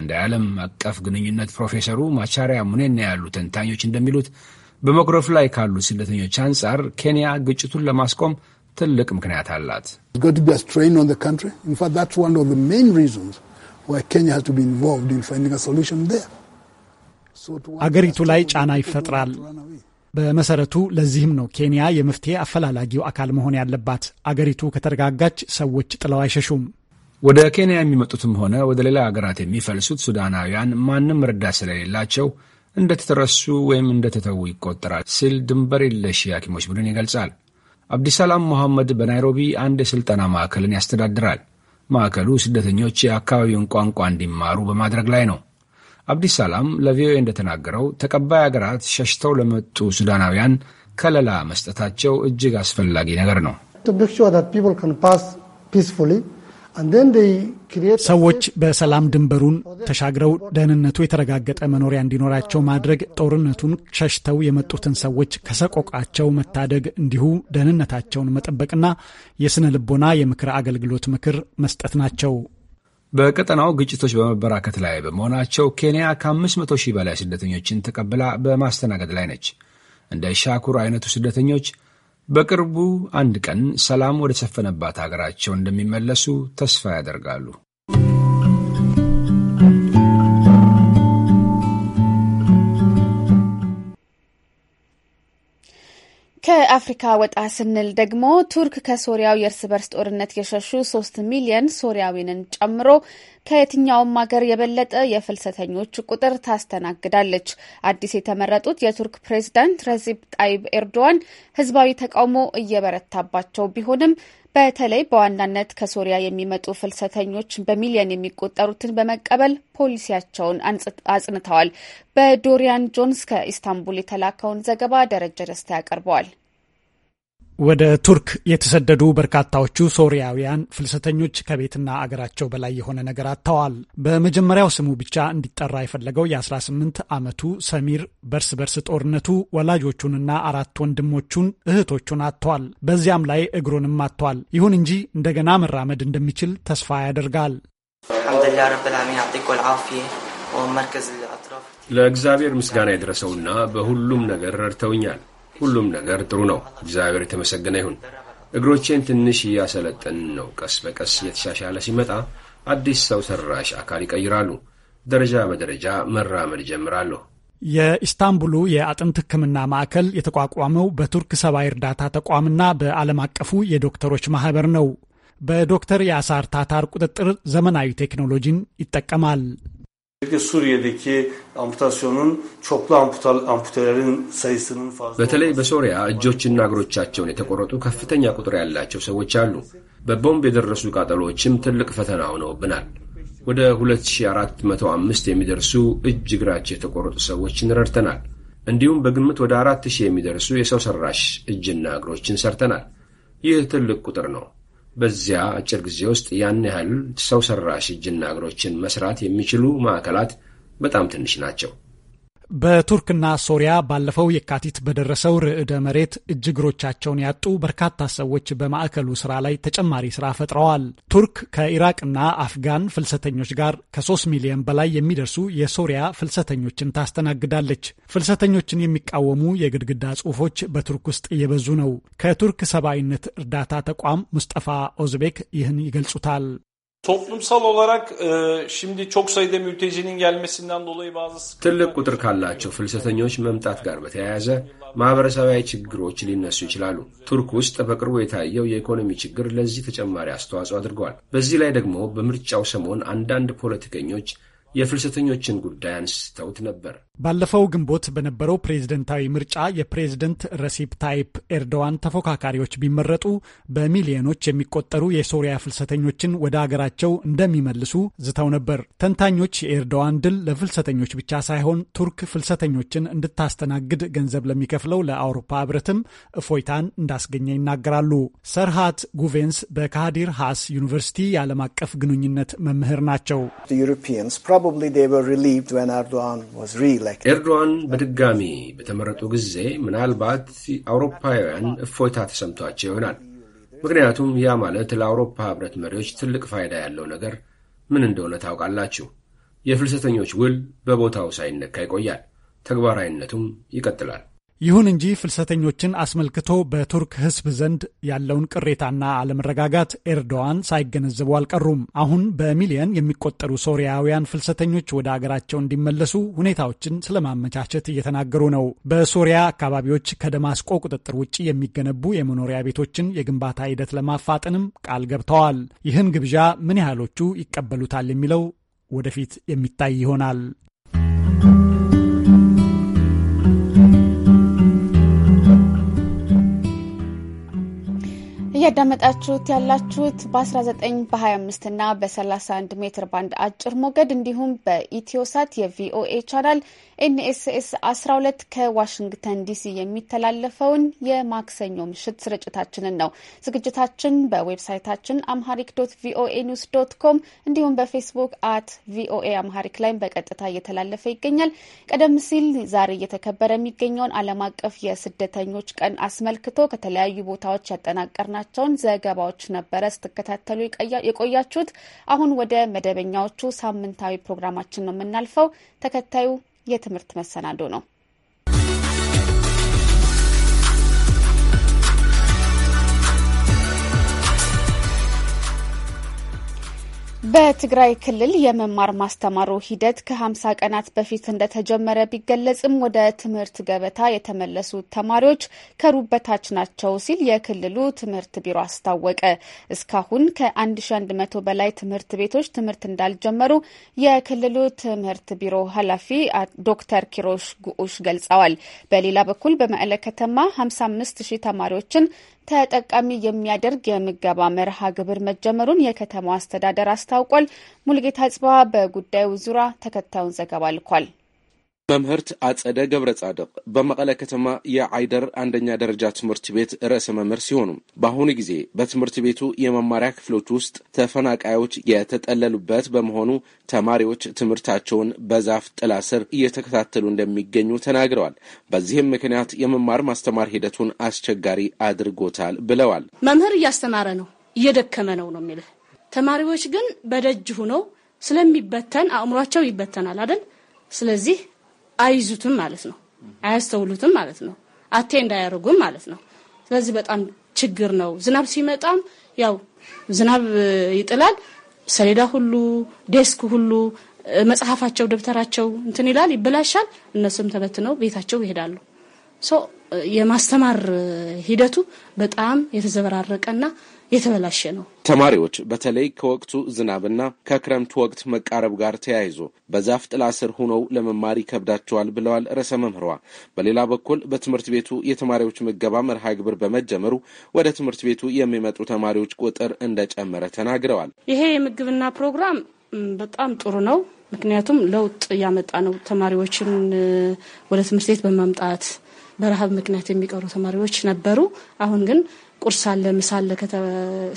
እንደ ዓለም አቀፍ ግንኙነት ፕሮፌሰሩ ማቻሪያ ሙኔና ያሉ ተንታኞች እንደሚሉት በመኩረፍ ላይ ካሉት ስደተኞች አንጻር ኬንያ ግጭቱን ለማስቆም ትልቅ ምክንያት አላት። አገሪቱ ላይ ጫና ይፈጥራል። በመሰረቱ ለዚህም ነው ኬንያ የመፍትሄ አፈላላጊው አካል መሆን ያለባት። አገሪቱ ከተረጋጋች ሰዎች ጥለው አይሸሹም። ወደ ኬንያ የሚመጡትም ሆነ ወደ ሌላ አገራት የሚፈልሱት ሱዳናውያን ማንም ረዳት ስለሌላቸው እንደተተረሱ ወይም እንደተተዉ ይቆጠራል ሲል ድንበር የለሽ የሐኪሞች ቡድን ይገልጻል። አብዲሰላም መሐመድ በናይሮቢ አንድ የሥልጠና ማዕከልን ያስተዳድራል። ማዕከሉ ስደተኞች የአካባቢውን ቋንቋ እንዲማሩ በማድረግ ላይ ነው። አብዲስ ሰላም ለቪኦኤ እንደተናገረው ተቀባይ አገራት ሸሽተው ለመጡ ሱዳናውያን ከለላ መስጠታቸው እጅግ አስፈላጊ ነገር ነው። ሰዎች በሰላም ድንበሩን ተሻግረው ደህንነቱ የተረጋገጠ መኖሪያ እንዲኖራቸው ማድረግ፣ ጦርነቱን ሸሽተው የመጡትን ሰዎች ከሰቆቃቸው መታደግ፣ እንዲሁ ደህንነታቸውን መጠበቅና የስነ ልቦና የምክር አገልግሎት ምክር መስጠት ናቸው። በቀጠናው ግጭቶች በመበራከት ላይ በመሆናቸው ኬንያ ከ500 ሺህ በላይ ስደተኞችን ተቀብላ በማስተናገድ ላይ ነች። እንደ ሻኩር አይነቱ ስደተኞች በቅርቡ አንድ ቀን ሰላም ወደ ሰፈነባት አገራቸው እንደሚመለሱ ተስፋ ያደርጋሉ። ከአፍሪካ ወጣ ስንል ደግሞ ቱርክ ከሶሪያው የእርስ በርስ ጦርነት የሸሹ ሶስት ሚሊየን ሶሪያዊንን ጨምሮ ከየትኛውም ሀገር የበለጠ የፍልሰተኞች ቁጥር ታስተናግዳለች። አዲስ የተመረጡት የቱርክ ፕሬዝዳንት ረዚብ ጣይብ ኤርዶዋን ህዝባዊ ተቃውሞ እየበረታባቸው ቢሆንም በተለይ በዋናነት ከሶሪያ የሚመጡ ፍልሰተኞች በሚሊዮን የሚቆጠሩትን በመቀበል ፖሊሲያቸውን አጽንተዋል። በዶሪያን ጆንስ ከኢስታንቡል የተላከውን ዘገባ ደረጀ ደስታ ያቀርበዋል። ወደ ቱርክ የተሰደዱ በርካታዎቹ ሶሪያውያን ፍልሰተኞች ከቤትና አገራቸው በላይ የሆነ ነገር አጥተዋል። በመጀመሪያው ስሙ ብቻ እንዲጠራ የፈለገው የ18 ዓመቱ ሰሚር በርስ በርስ ጦርነቱ ወላጆቹንና አራት ወንድሞቹን እህቶቹን አጥተዋል። በዚያም ላይ እግሩንም አጥተዋል። ይሁን እንጂ እንደገና መራመድ እንደሚችል ተስፋ ያደርጋል። ለእግዚአብሔር ምስጋና የደረሰውና በሁሉም ነገር ረድተውኛል ሁሉም ነገር ጥሩ ነው። እግዚአብሔር የተመሰገነ ይሁን። እግሮቼን ትንሽ እያሰለጠን ነው። ቀስ በቀስ እየተሻሻለ ሲመጣ አዲስ ሰው ሰራሽ አካል ይቀይራሉ። ደረጃ በደረጃ መራመድ ጀምራለሁ። የኢስታንቡሉ የአጥንት ሕክምና ማዕከል የተቋቋመው በቱርክ ሰብአዊ እርዳታ ተቋምና በዓለም አቀፉ የዶክተሮች ማህበር ነው። በዶክተር የአሳር ታታር ቁጥጥር ዘመናዊ ቴክኖሎጂን ይጠቀማል። በተለይ በሶሪያ እጆችና እግሮቻቸውን የተቆረጡ ከፍተኛ ቁጥር ያላቸው ሰዎች አሉ። በቦምብ የደረሱ ቃጠሎዎችም ትልቅ ፈተና ሆነውብናል። ወደ 2405 የሚደርሱ እጅ እግራቸው የተቆረጡ ሰዎችን ረድተናል። እንዲሁም በግምት ወደ 4000 የሚደርሱ የሰው ሰራሽ እጅና እግሮችን ሰርተናል። ይህ ትልቅ ቁጥር ነው። በዚያ አጭር ጊዜ ውስጥ ያን ያህል ሰው ሰራሽ እጅና እግሮችን መስራት የሚችሉ ማዕከላት በጣም ትንሽ ናቸው። በቱርክና ሶሪያ ባለፈው የካቲት በደረሰው ርዕደ መሬት እጅ እግሮቻቸውን ያጡ በርካታ ሰዎች በማዕከሉ ስራ ላይ ተጨማሪ ስራ ፈጥረዋል። ቱርክ ከኢራቅና አፍጋን ፍልሰተኞች ጋር ከ ከ3 ሚሊዮን በላይ የሚደርሱ የሶሪያ ፍልሰተኞችን ታስተናግዳለች። ፍልሰተኞችን የሚቃወሙ የግድግዳ ጽሑፎች በቱርክ ውስጥ እየበዙ ነው። ከቱርክ ሰብአዊነት እርዳታ ተቋም ሙስጠፋ ኦዝቤክ ይህን ይገልጹታል። ቶፕሉምሳል olarak e, şimdi çok sayıda mültecinin gelmesinden dolayı bazı ትልቅ ቁጥር ካላቸው ፍልሰተኞች መምጣት ጋር በተያያዘ ማህበረሰባዊ ችግሮች ሊነሱ ይችላሉ። ቱርክ ውስጥ በቅርቡ የታየው የኢኮኖሚ ችግር ለዚህ ተጨማሪ አስተዋጽኦ አድርገዋል። በዚህ ላይ ደግሞ በምርጫው ሰሞን አንዳንድ ፖለቲከኞች የፍልሰተኞችን ጉዳይ አንስተውት ነበር። ባለፈው ግንቦት በነበረው ፕሬዝደንታዊ ምርጫ የፕሬዝደንት ረሲፕ ታይፕ ኤርዶዋን ተፎካካሪዎች ቢመረጡ በሚሊዮኖች የሚቆጠሩ የሶሪያ ፍልሰተኞችን ወደ አገራቸው እንደሚመልሱ ዝተው ነበር። ተንታኞች የኤርዶዋን ድል ለፍልሰተኞች ብቻ ሳይሆን ቱርክ ፍልሰተኞችን እንድታስተናግድ ገንዘብ ለሚከፍለው ለአውሮፓ ሕብረትም እፎይታን እንዳስገኘ ይናገራሉ። ሰርሃት ጉቬንስ በካዲር ሃስ ዩኒቨርሲቲ የዓለም አቀፍ ግንኙነት መምህር ናቸው። ኤርዶዋን በድጋሚ በተመረጡ ጊዜ ምናልባት አውሮፓውያን እፎይታ ተሰምቷቸው ይሆናል። ምክንያቱም ያ ማለት ለአውሮፓ ህብረት መሪዎች ትልቅ ፋይዳ ያለው ነገር ምን እንደሆነ ታውቃላችሁ። የፍልሰተኞች ውል በቦታው ሳይነካ ይቆያል፣ ተግባራዊነቱም ይቀጥላል። ይሁን እንጂ ፍልሰተኞችን አስመልክቶ በቱርክ ሕዝብ ዘንድ ያለውን ቅሬታና አለመረጋጋት ኤርዶዋን ሳይገነዘቡ አልቀሩም። አሁን በሚሊየን የሚቆጠሩ ሶሪያውያን ፍልሰተኞች ወደ አገራቸው እንዲመለሱ ሁኔታዎችን ስለማመቻቸት እየተናገሩ ነው። በሶሪያ አካባቢዎች ከደማስቆ ቁጥጥር ውጭ የሚገነቡ የመኖሪያ ቤቶችን የግንባታ ሂደት ለማፋጠንም ቃል ገብተዋል። ይህን ግብዣ ምን ያህሎቹ ይቀበሉታል የሚለው ወደፊት የሚታይ ይሆናል። እያዳመጣችሁት ያላችሁት በ19 በ25 እና በ31 ሜትር ባንድ አጭር ሞገድ እንዲሁም በኢትዮሳት የቪኦኤ ቻናል ኤንኤስኤስ 12 ከዋሽንግተን ዲሲ የሚተላለፈውን የማክሰኞ ምሽት ስርጭታችንን ነው። ዝግጅታችን በዌብሳይታችን አምሃሪክ ዶት ቪኦኤ ኒውስ ዶት ኮም እንዲሁም በፌስቡክ አት ቪኦኤ አምሃሪክ ላይ በቀጥታ እየተላለፈ ይገኛል። ቀደም ሲል ዛሬ እየተከበረ የሚገኘውን ዓለም አቀፍ የስደተኞች ቀን አስመልክቶ ከተለያዩ ቦታዎች ያጠናቀርናቸው ያሰናዳናቸውን ዘገባዎች ነበረ ስትከታተሉ የቆያችሁት። አሁን ወደ መደበኛዎቹ ሳምንታዊ ፕሮግራማችን ነው የምናልፈው። ተከታዩ የትምህርት መሰናዶ ነው። በትግራይ ክልል የመማር ማስተማሩ ሂደት ከ ቀናት በፊት እንደተጀመረ ቢገለጽም ወደ ትምህርት ገበታ የተመለሱ ተማሪዎች ከሩብ በታች ናቸው ሲል የክልሉ ትምህርት ቢሮ አስታወቀ። እስካሁን ከ1100 በላይ ትምህርት ቤቶች ትምህርት እንዳልጀመሩ የክልሉ ትምህርት ቢሮ ኃላፊ ዶክተር ኪሮሽ ጉኡሽ ገልጸዋል። በሌላ በኩል በመቀለ ከተማ 55 ሺህ ተማሪዎችን ተጠቃሚ የሚያደርግ የምገባ መርሃ ግብር መጀመሩን የከተማው አስተዳደር አስታውቋል። ሙልጌታ ጽባ በጉዳዩ ዙሪያ ተከታዩን ዘገባ ልኳል። መምህርት አጸደ ገብረ ጻድቅ በመቀለ ከተማ የአይደር አንደኛ ደረጃ ትምህርት ቤት ርዕሰ መምህር ሲሆኑ በአሁኑ ጊዜ በትምህርት ቤቱ የመማሪያ ክፍሎች ውስጥ ተፈናቃዮች የተጠለሉበት በመሆኑ ተማሪዎች ትምህርታቸውን በዛፍ ጥላ ስር እየተከታተሉ እንደሚገኙ ተናግረዋል። በዚህም ምክንያት የመማር ማስተማር ሂደቱን አስቸጋሪ አድርጎታል ብለዋል። መምህር እያስተማረ ነው፣ እየደከመ ነው ነው የሚልህ። ተማሪዎች ግን በደጅ ሁነው ስለሚበተን አእምሯቸው ይበተናል አይደል? ስለዚህ አይዙትም ማለት ነው። አያስተውሉትም ማለት ነው። አቴ እንዳያደርጉም ማለት ነው። ስለዚህ በጣም ችግር ነው። ዝናብ ሲመጣም ያው ዝናብ ይጥላል። ሰሌዳ ሁሉ፣ ዴስክ ሁሉ፣ መጽሐፋቸው፣ ደብተራቸው እንትን ይላል፣ ይበላሻል። እነሱም ተበትነው ቤታቸው ይሄዳሉ። የማስተማር ሂደቱ በጣም የተዘበራረቀና የተበላሸ ነው። ተማሪዎች በተለይ ከወቅቱ ዝናብና ከክረምቱ ወቅት መቃረብ ጋር ተያይዞ በዛፍ ጥላ ስር ሆነው ለመማር ይከብዳቸዋል ብለዋል ርዕሰ መምህሯ። በሌላ በኩል በትምህርት ቤቱ የተማሪዎች ምገባ መርሃ ግብር በመጀመሩ ወደ ትምህርት ቤቱ የሚመጡ ተማሪዎች ቁጥር እንደጨመረ ተናግረዋል። ይሄ የምግብና ፕሮግራም በጣም ጥሩ ነው። ምክንያቱም ለውጥ እያመጣ ነው። ተማሪዎችን ወደ ትምህርት ቤት በማምጣት በረሃብ ምክንያት የሚቀሩ ተማሪዎች ነበሩ። አሁን ግን ቁርስ አለ፣ ምሳ አለ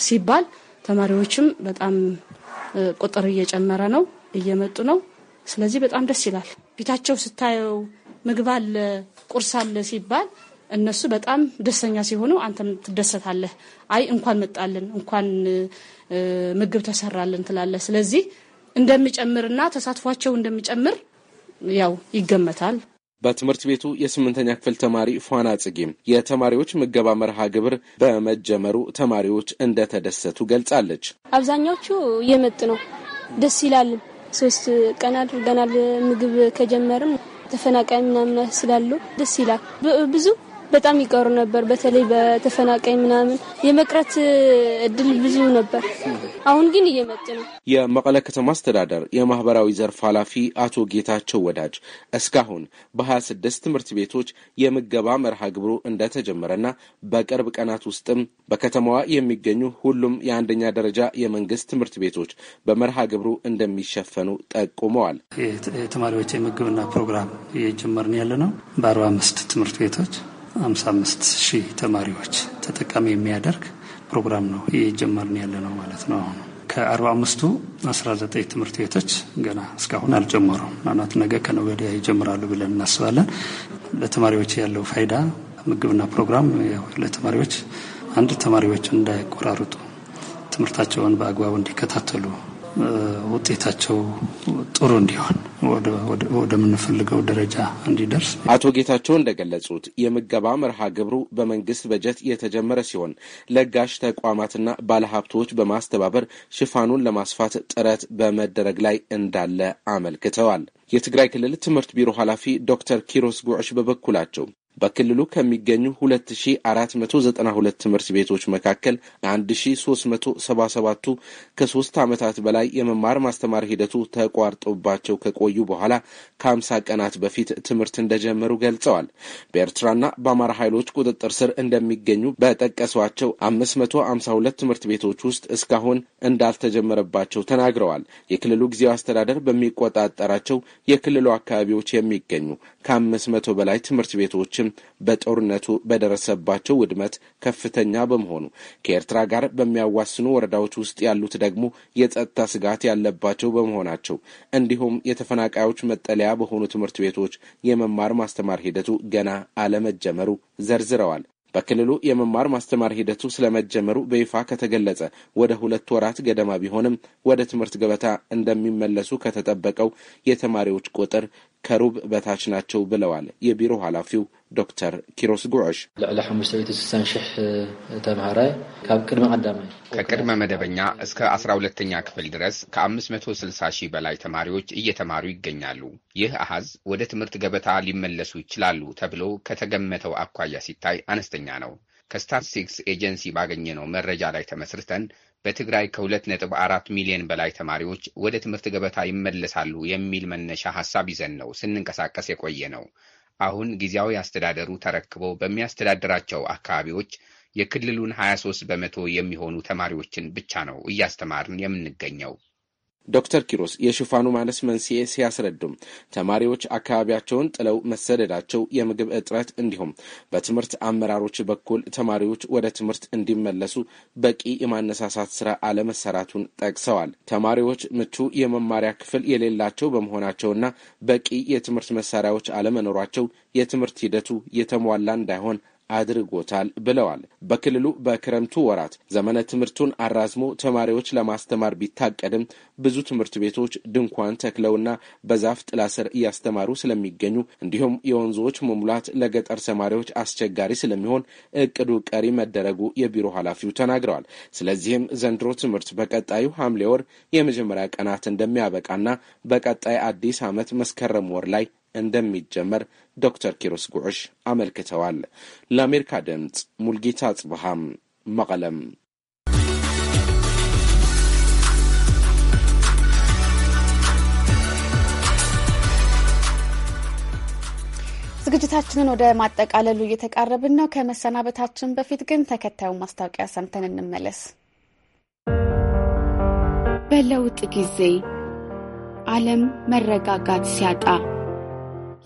ሲባል ተማሪዎችም በጣም ቁጥር እየጨመረ ነው፣ እየመጡ ነው። ስለዚህ በጣም ደስ ይላል። ፊታቸው ስታየው ምግብ አለ፣ ቁርስ አለ ሲባል እነሱ በጣም ደስተኛ ሲሆኑ አንተም ትደሰታለህ። አይ እንኳን መጣልን፣ እንኳን ምግብ ተሰራልን ትላለህ። ስለዚህ እንደሚጨምርና ተሳትፏቸው እንደሚጨምር ያው ይገመታል። በትምህርት ቤቱ የስምንተኛ ክፍል ተማሪ ፏና ጽጌም የተማሪዎች ምገባ መርሃ ግብር በመጀመሩ ተማሪዎች እንደተደሰቱ ገልጻለች። አብዛኛዎቹ እየመጡ ነው፣ ደስ ይላል። ሶስት ቀን አድርገናል። ምግብ ከጀመርም ተፈናቃይ ምናምን ስላሉ ደስ ይላል ብዙ በጣም ይቀሩ ነበር። በተለይ በተፈናቃይ ምናምን የመቅረት እድል ብዙ ነበር። አሁን ግን እየመጡ ነው። የመቀለ ከተማ አስተዳደር የማህበራዊ ዘርፍ ኃላፊ አቶ ጌታቸው ወዳጅ እስካሁን በ26 ትምህርት ቤቶች የምገባ መርሃ ግብሩ እንደተጀመረና በቅርብ ቀናት ውስጥም በከተማዋ የሚገኙ ሁሉም የአንደኛ ደረጃ የመንግስት ትምህርት ቤቶች በመርሃ ግብሩ እንደሚሸፈኑ ጠቁመዋል። የተማሪዎች የምግብና ፕሮግራም እየጀመርን ያለ ነው በአርባ አምስት ትምህርት ቤቶች 55 ሺህ ተማሪዎች ተጠቃሚ የሚያደርግ ፕሮግራም ነው እየጀመርን ያለ ነው ማለት ነው። አሁኑ ከአርባ አምስቱ 19 ትምህርት ቤቶች ገና እስካሁን አልጀመሩም። ምናልባት ነገ ከነገ ወዲያ ይጀምራሉ ብለን እናስባለን። ለተማሪዎች ያለው ፋይዳ ምግብና ፕሮግራም ለተማሪዎች አንድ ተማሪዎች እንዳይቆራርጡ ትምህርታቸውን በአግባቡ እንዲከታተሉ ውጤታቸው ጥሩ እንዲሆን ወደምንፈልገው ደረጃ እንዲደርስ። አቶ ጌታቸው እንደገለጹት የምገባ መርሃ ግብሩ በመንግስት በጀት የተጀመረ ሲሆን ለጋሽ ተቋማትና ባለሀብቶች በማስተባበር ሽፋኑን ለማስፋት ጥረት በመደረግ ላይ እንዳለ አመልክተዋል። የትግራይ ክልል ትምህርት ቢሮ ኃላፊ ዶክተር ኪሮስ ጉዕሽ በበኩላቸው በክልሉ ከሚገኙ 2492 ትምህርት ቤቶች መካከል 1377ቱ ከሶስት ዓመታት በላይ የመማር ማስተማር ሂደቱ ተቋርጦባቸው ከቆዩ በኋላ ከ50 ቀናት በፊት ትምህርት እንደጀመሩ ገልጸዋል። በኤርትራና በአማራ ኃይሎች ቁጥጥር ስር እንደሚገኙ በጠቀሷቸው 552 ትምህርት ቤቶች ውስጥ እስካሁን እንዳልተጀመረባቸው ተናግረዋል። የክልሉ ጊዜያዊ አስተዳደር በሚቆጣጠራቸው የክልሉ አካባቢዎች የሚገኙ ከ500 በላይ ትምህርት ቤቶችም ግን በጦርነቱ በደረሰባቸው ውድመት ከፍተኛ በመሆኑ ከኤርትራ ጋር በሚያዋስኑ ወረዳዎች ውስጥ ያሉት ደግሞ የጸጥታ ስጋት ያለባቸው በመሆናቸው እንዲሁም የተፈናቃዮች መጠለያ በሆኑ ትምህርት ቤቶች የመማር ማስተማር ሂደቱ ገና አለመጀመሩ ዘርዝረዋል። በክልሉ የመማር ማስተማር ሂደቱ ስለመጀመሩ በይፋ ከተገለጸ ወደ ሁለት ወራት ገደማ ቢሆንም ወደ ትምህርት ገበታ እንደሚመለሱ ከተጠበቀው የተማሪዎች ቁጥር ከሩብ በታች ናቸው ብለዋል የቢሮ ኃላፊው ዶክተር ኪሮስ ጉዕሽ ልዕሊ 560 ሽሕ ተምሃራይ ካብ ቅድመ ቀዳማይ ከቅድመ መደበኛ እስከ 12 ሁለተኛ ክፍል ድረስ ከ560 ሺህ በላይ ተማሪዎች እየተማሩ ይገኛሉ። ይህ አሃዝ ወደ ትምህርት ገበታ ሊመለሱ ይችላሉ ተብሎ ከተገመተው አኳያ ሲታይ አነስተኛ ነው። ከስታትስቲክስ ኤጀንሲ ባገኘነው መረጃ ላይ ተመስርተን በትግራይ ከ2.4 ሚሊዮን በላይ ተማሪዎች ወደ ትምህርት ገበታ ይመለሳሉ የሚል መነሻ ሐሳብ ይዘን ነው ስንንቀሳቀስ የቆየ ነው። አሁን ጊዜያዊ አስተዳደሩ ተረክቦ በሚያስተዳድራቸው አካባቢዎች የክልሉን 23 በመቶ የሚሆኑ ተማሪዎችን ብቻ ነው እያስተማርን የምንገኘው። ዶክተር ኪሮስ የሽፋኑ ማነስ መንስኤ ሲያስረዱም ተማሪዎች አካባቢያቸውን ጥለው መሰደዳቸው፣ የምግብ እጥረት እንዲሁም በትምህርት አመራሮች በኩል ተማሪዎች ወደ ትምህርት እንዲመለሱ በቂ የማነሳሳት ስራ አለመሰራቱን ጠቅሰዋል። ተማሪዎች ምቹ የመማሪያ ክፍል የሌላቸው በመሆናቸውና በቂ የትምህርት መሳሪያዎች አለመኖሯቸው የትምህርት ሂደቱ የተሟላ እንዳይሆን አድርጎታል ብለዋል። በክልሉ በክረምቱ ወራት ዘመነ ትምህርቱን አራዝሞ ተማሪዎች ለማስተማር ቢታቀድም ብዙ ትምህርት ቤቶች ድንኳን ተክለውና በዛፍ ጥላ ስር እያስተማሩ ስለሚገኙ እንዲሁም የወንዞች መሙላት ለገጠር ተማሪዎች አስቸጋሪ ስለሚሆን እቅዱ ቀሪ መደረጉ የቢሮ ኃላፊው ተናግረዋል። ስለዚህም ዘንድሮ ትምህርት በቀጣዩ ሐምሌ ወር የመጀመሪያ ቀናት እንደሚያበቃና በቀጣይ አዲስ ዓመት መስከረም ወር ላይ እንደሚጀመር ዶክተር ኪሮስ ጉዑሽ አመልክተዋል። ለአሜሪካ ድምፅ ሙልጌታ ጽብሃም መቀለም። ዝግጅታችንን ወደ ማጠቃለሉ እየተቃረብን ነው። ከመሰናበታችን በፊት ግን ተከታዩን ማስታወቂያ ሰምተን እንመለስ። በለውጥ ጊዜ ዓለም መረጋጋት ሲያጣ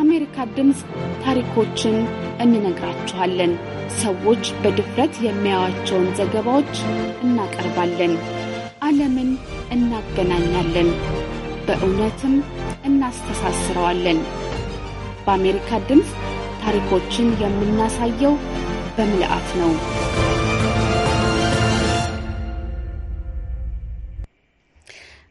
ከአሜሪካ ድምፅ ታሪኮችን እንነግራችኋለን። ሰዎች በድፍረት የሚያያቸውን ዘገባዎች እናቀርባለን። ዓለምን እናገናኛለን፣ በእውነትም እናስተሳስረዋለን። በአሜሪካ ድምፅ ታሪኮችን የምናሳየው በምልአት ነው።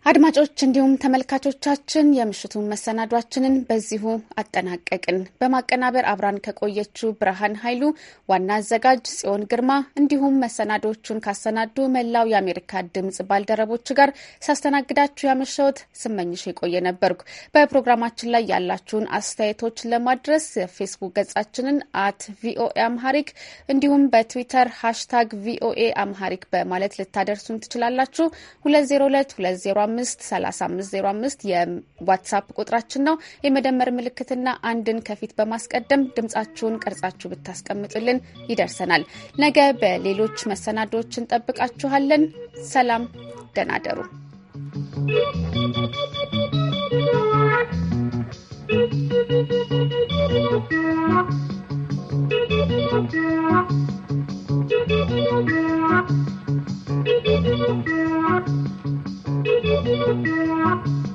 አድማጮች እንዲሁም ተመልካቾቻችን የምሽቱን መሰናዷችንን በዚሁ አጠናቀቅን። በማቀናበር አብራን ከቆየችው ብርሃን ኃይሉ፣ ዋና አዘጋጅ ጽዮን ግርማ እንዲሁም መሰናዶቹን ካሰናዱ መላው የአሜሪካ ድምጽ ባልደረቦች ጋር ሳስተናግዳችሁ ያመሸሁት ስመኝሽ የቆየ ነበርኩ። በፕሮግራማችን ላይ ያላችሁን አስተያየቶች ለማድረስ የፌስቡክ ገጻችንን አት ቪኦኤ አምሃሪክ እንዲሁም በትዊተር ሃሽታግ ቪኦኤ አምሃሪክ በማለት ልታደርሱን ትችላላችሁ 202 205 አምስት ሰላሳ የዋትሳፕ ቁጥራችን ነው። የመደመር ምልክትና አንድን ከፊት በማስቀደም ድምጻችሁን ቀርጻችሁ ብታስቀምጡልን ይደርሰናል። ነገ በሌሎች መሰናዶዎች እንጠብቃችኋለን። ሰላም፣ ደህና ደሩ። Thank you.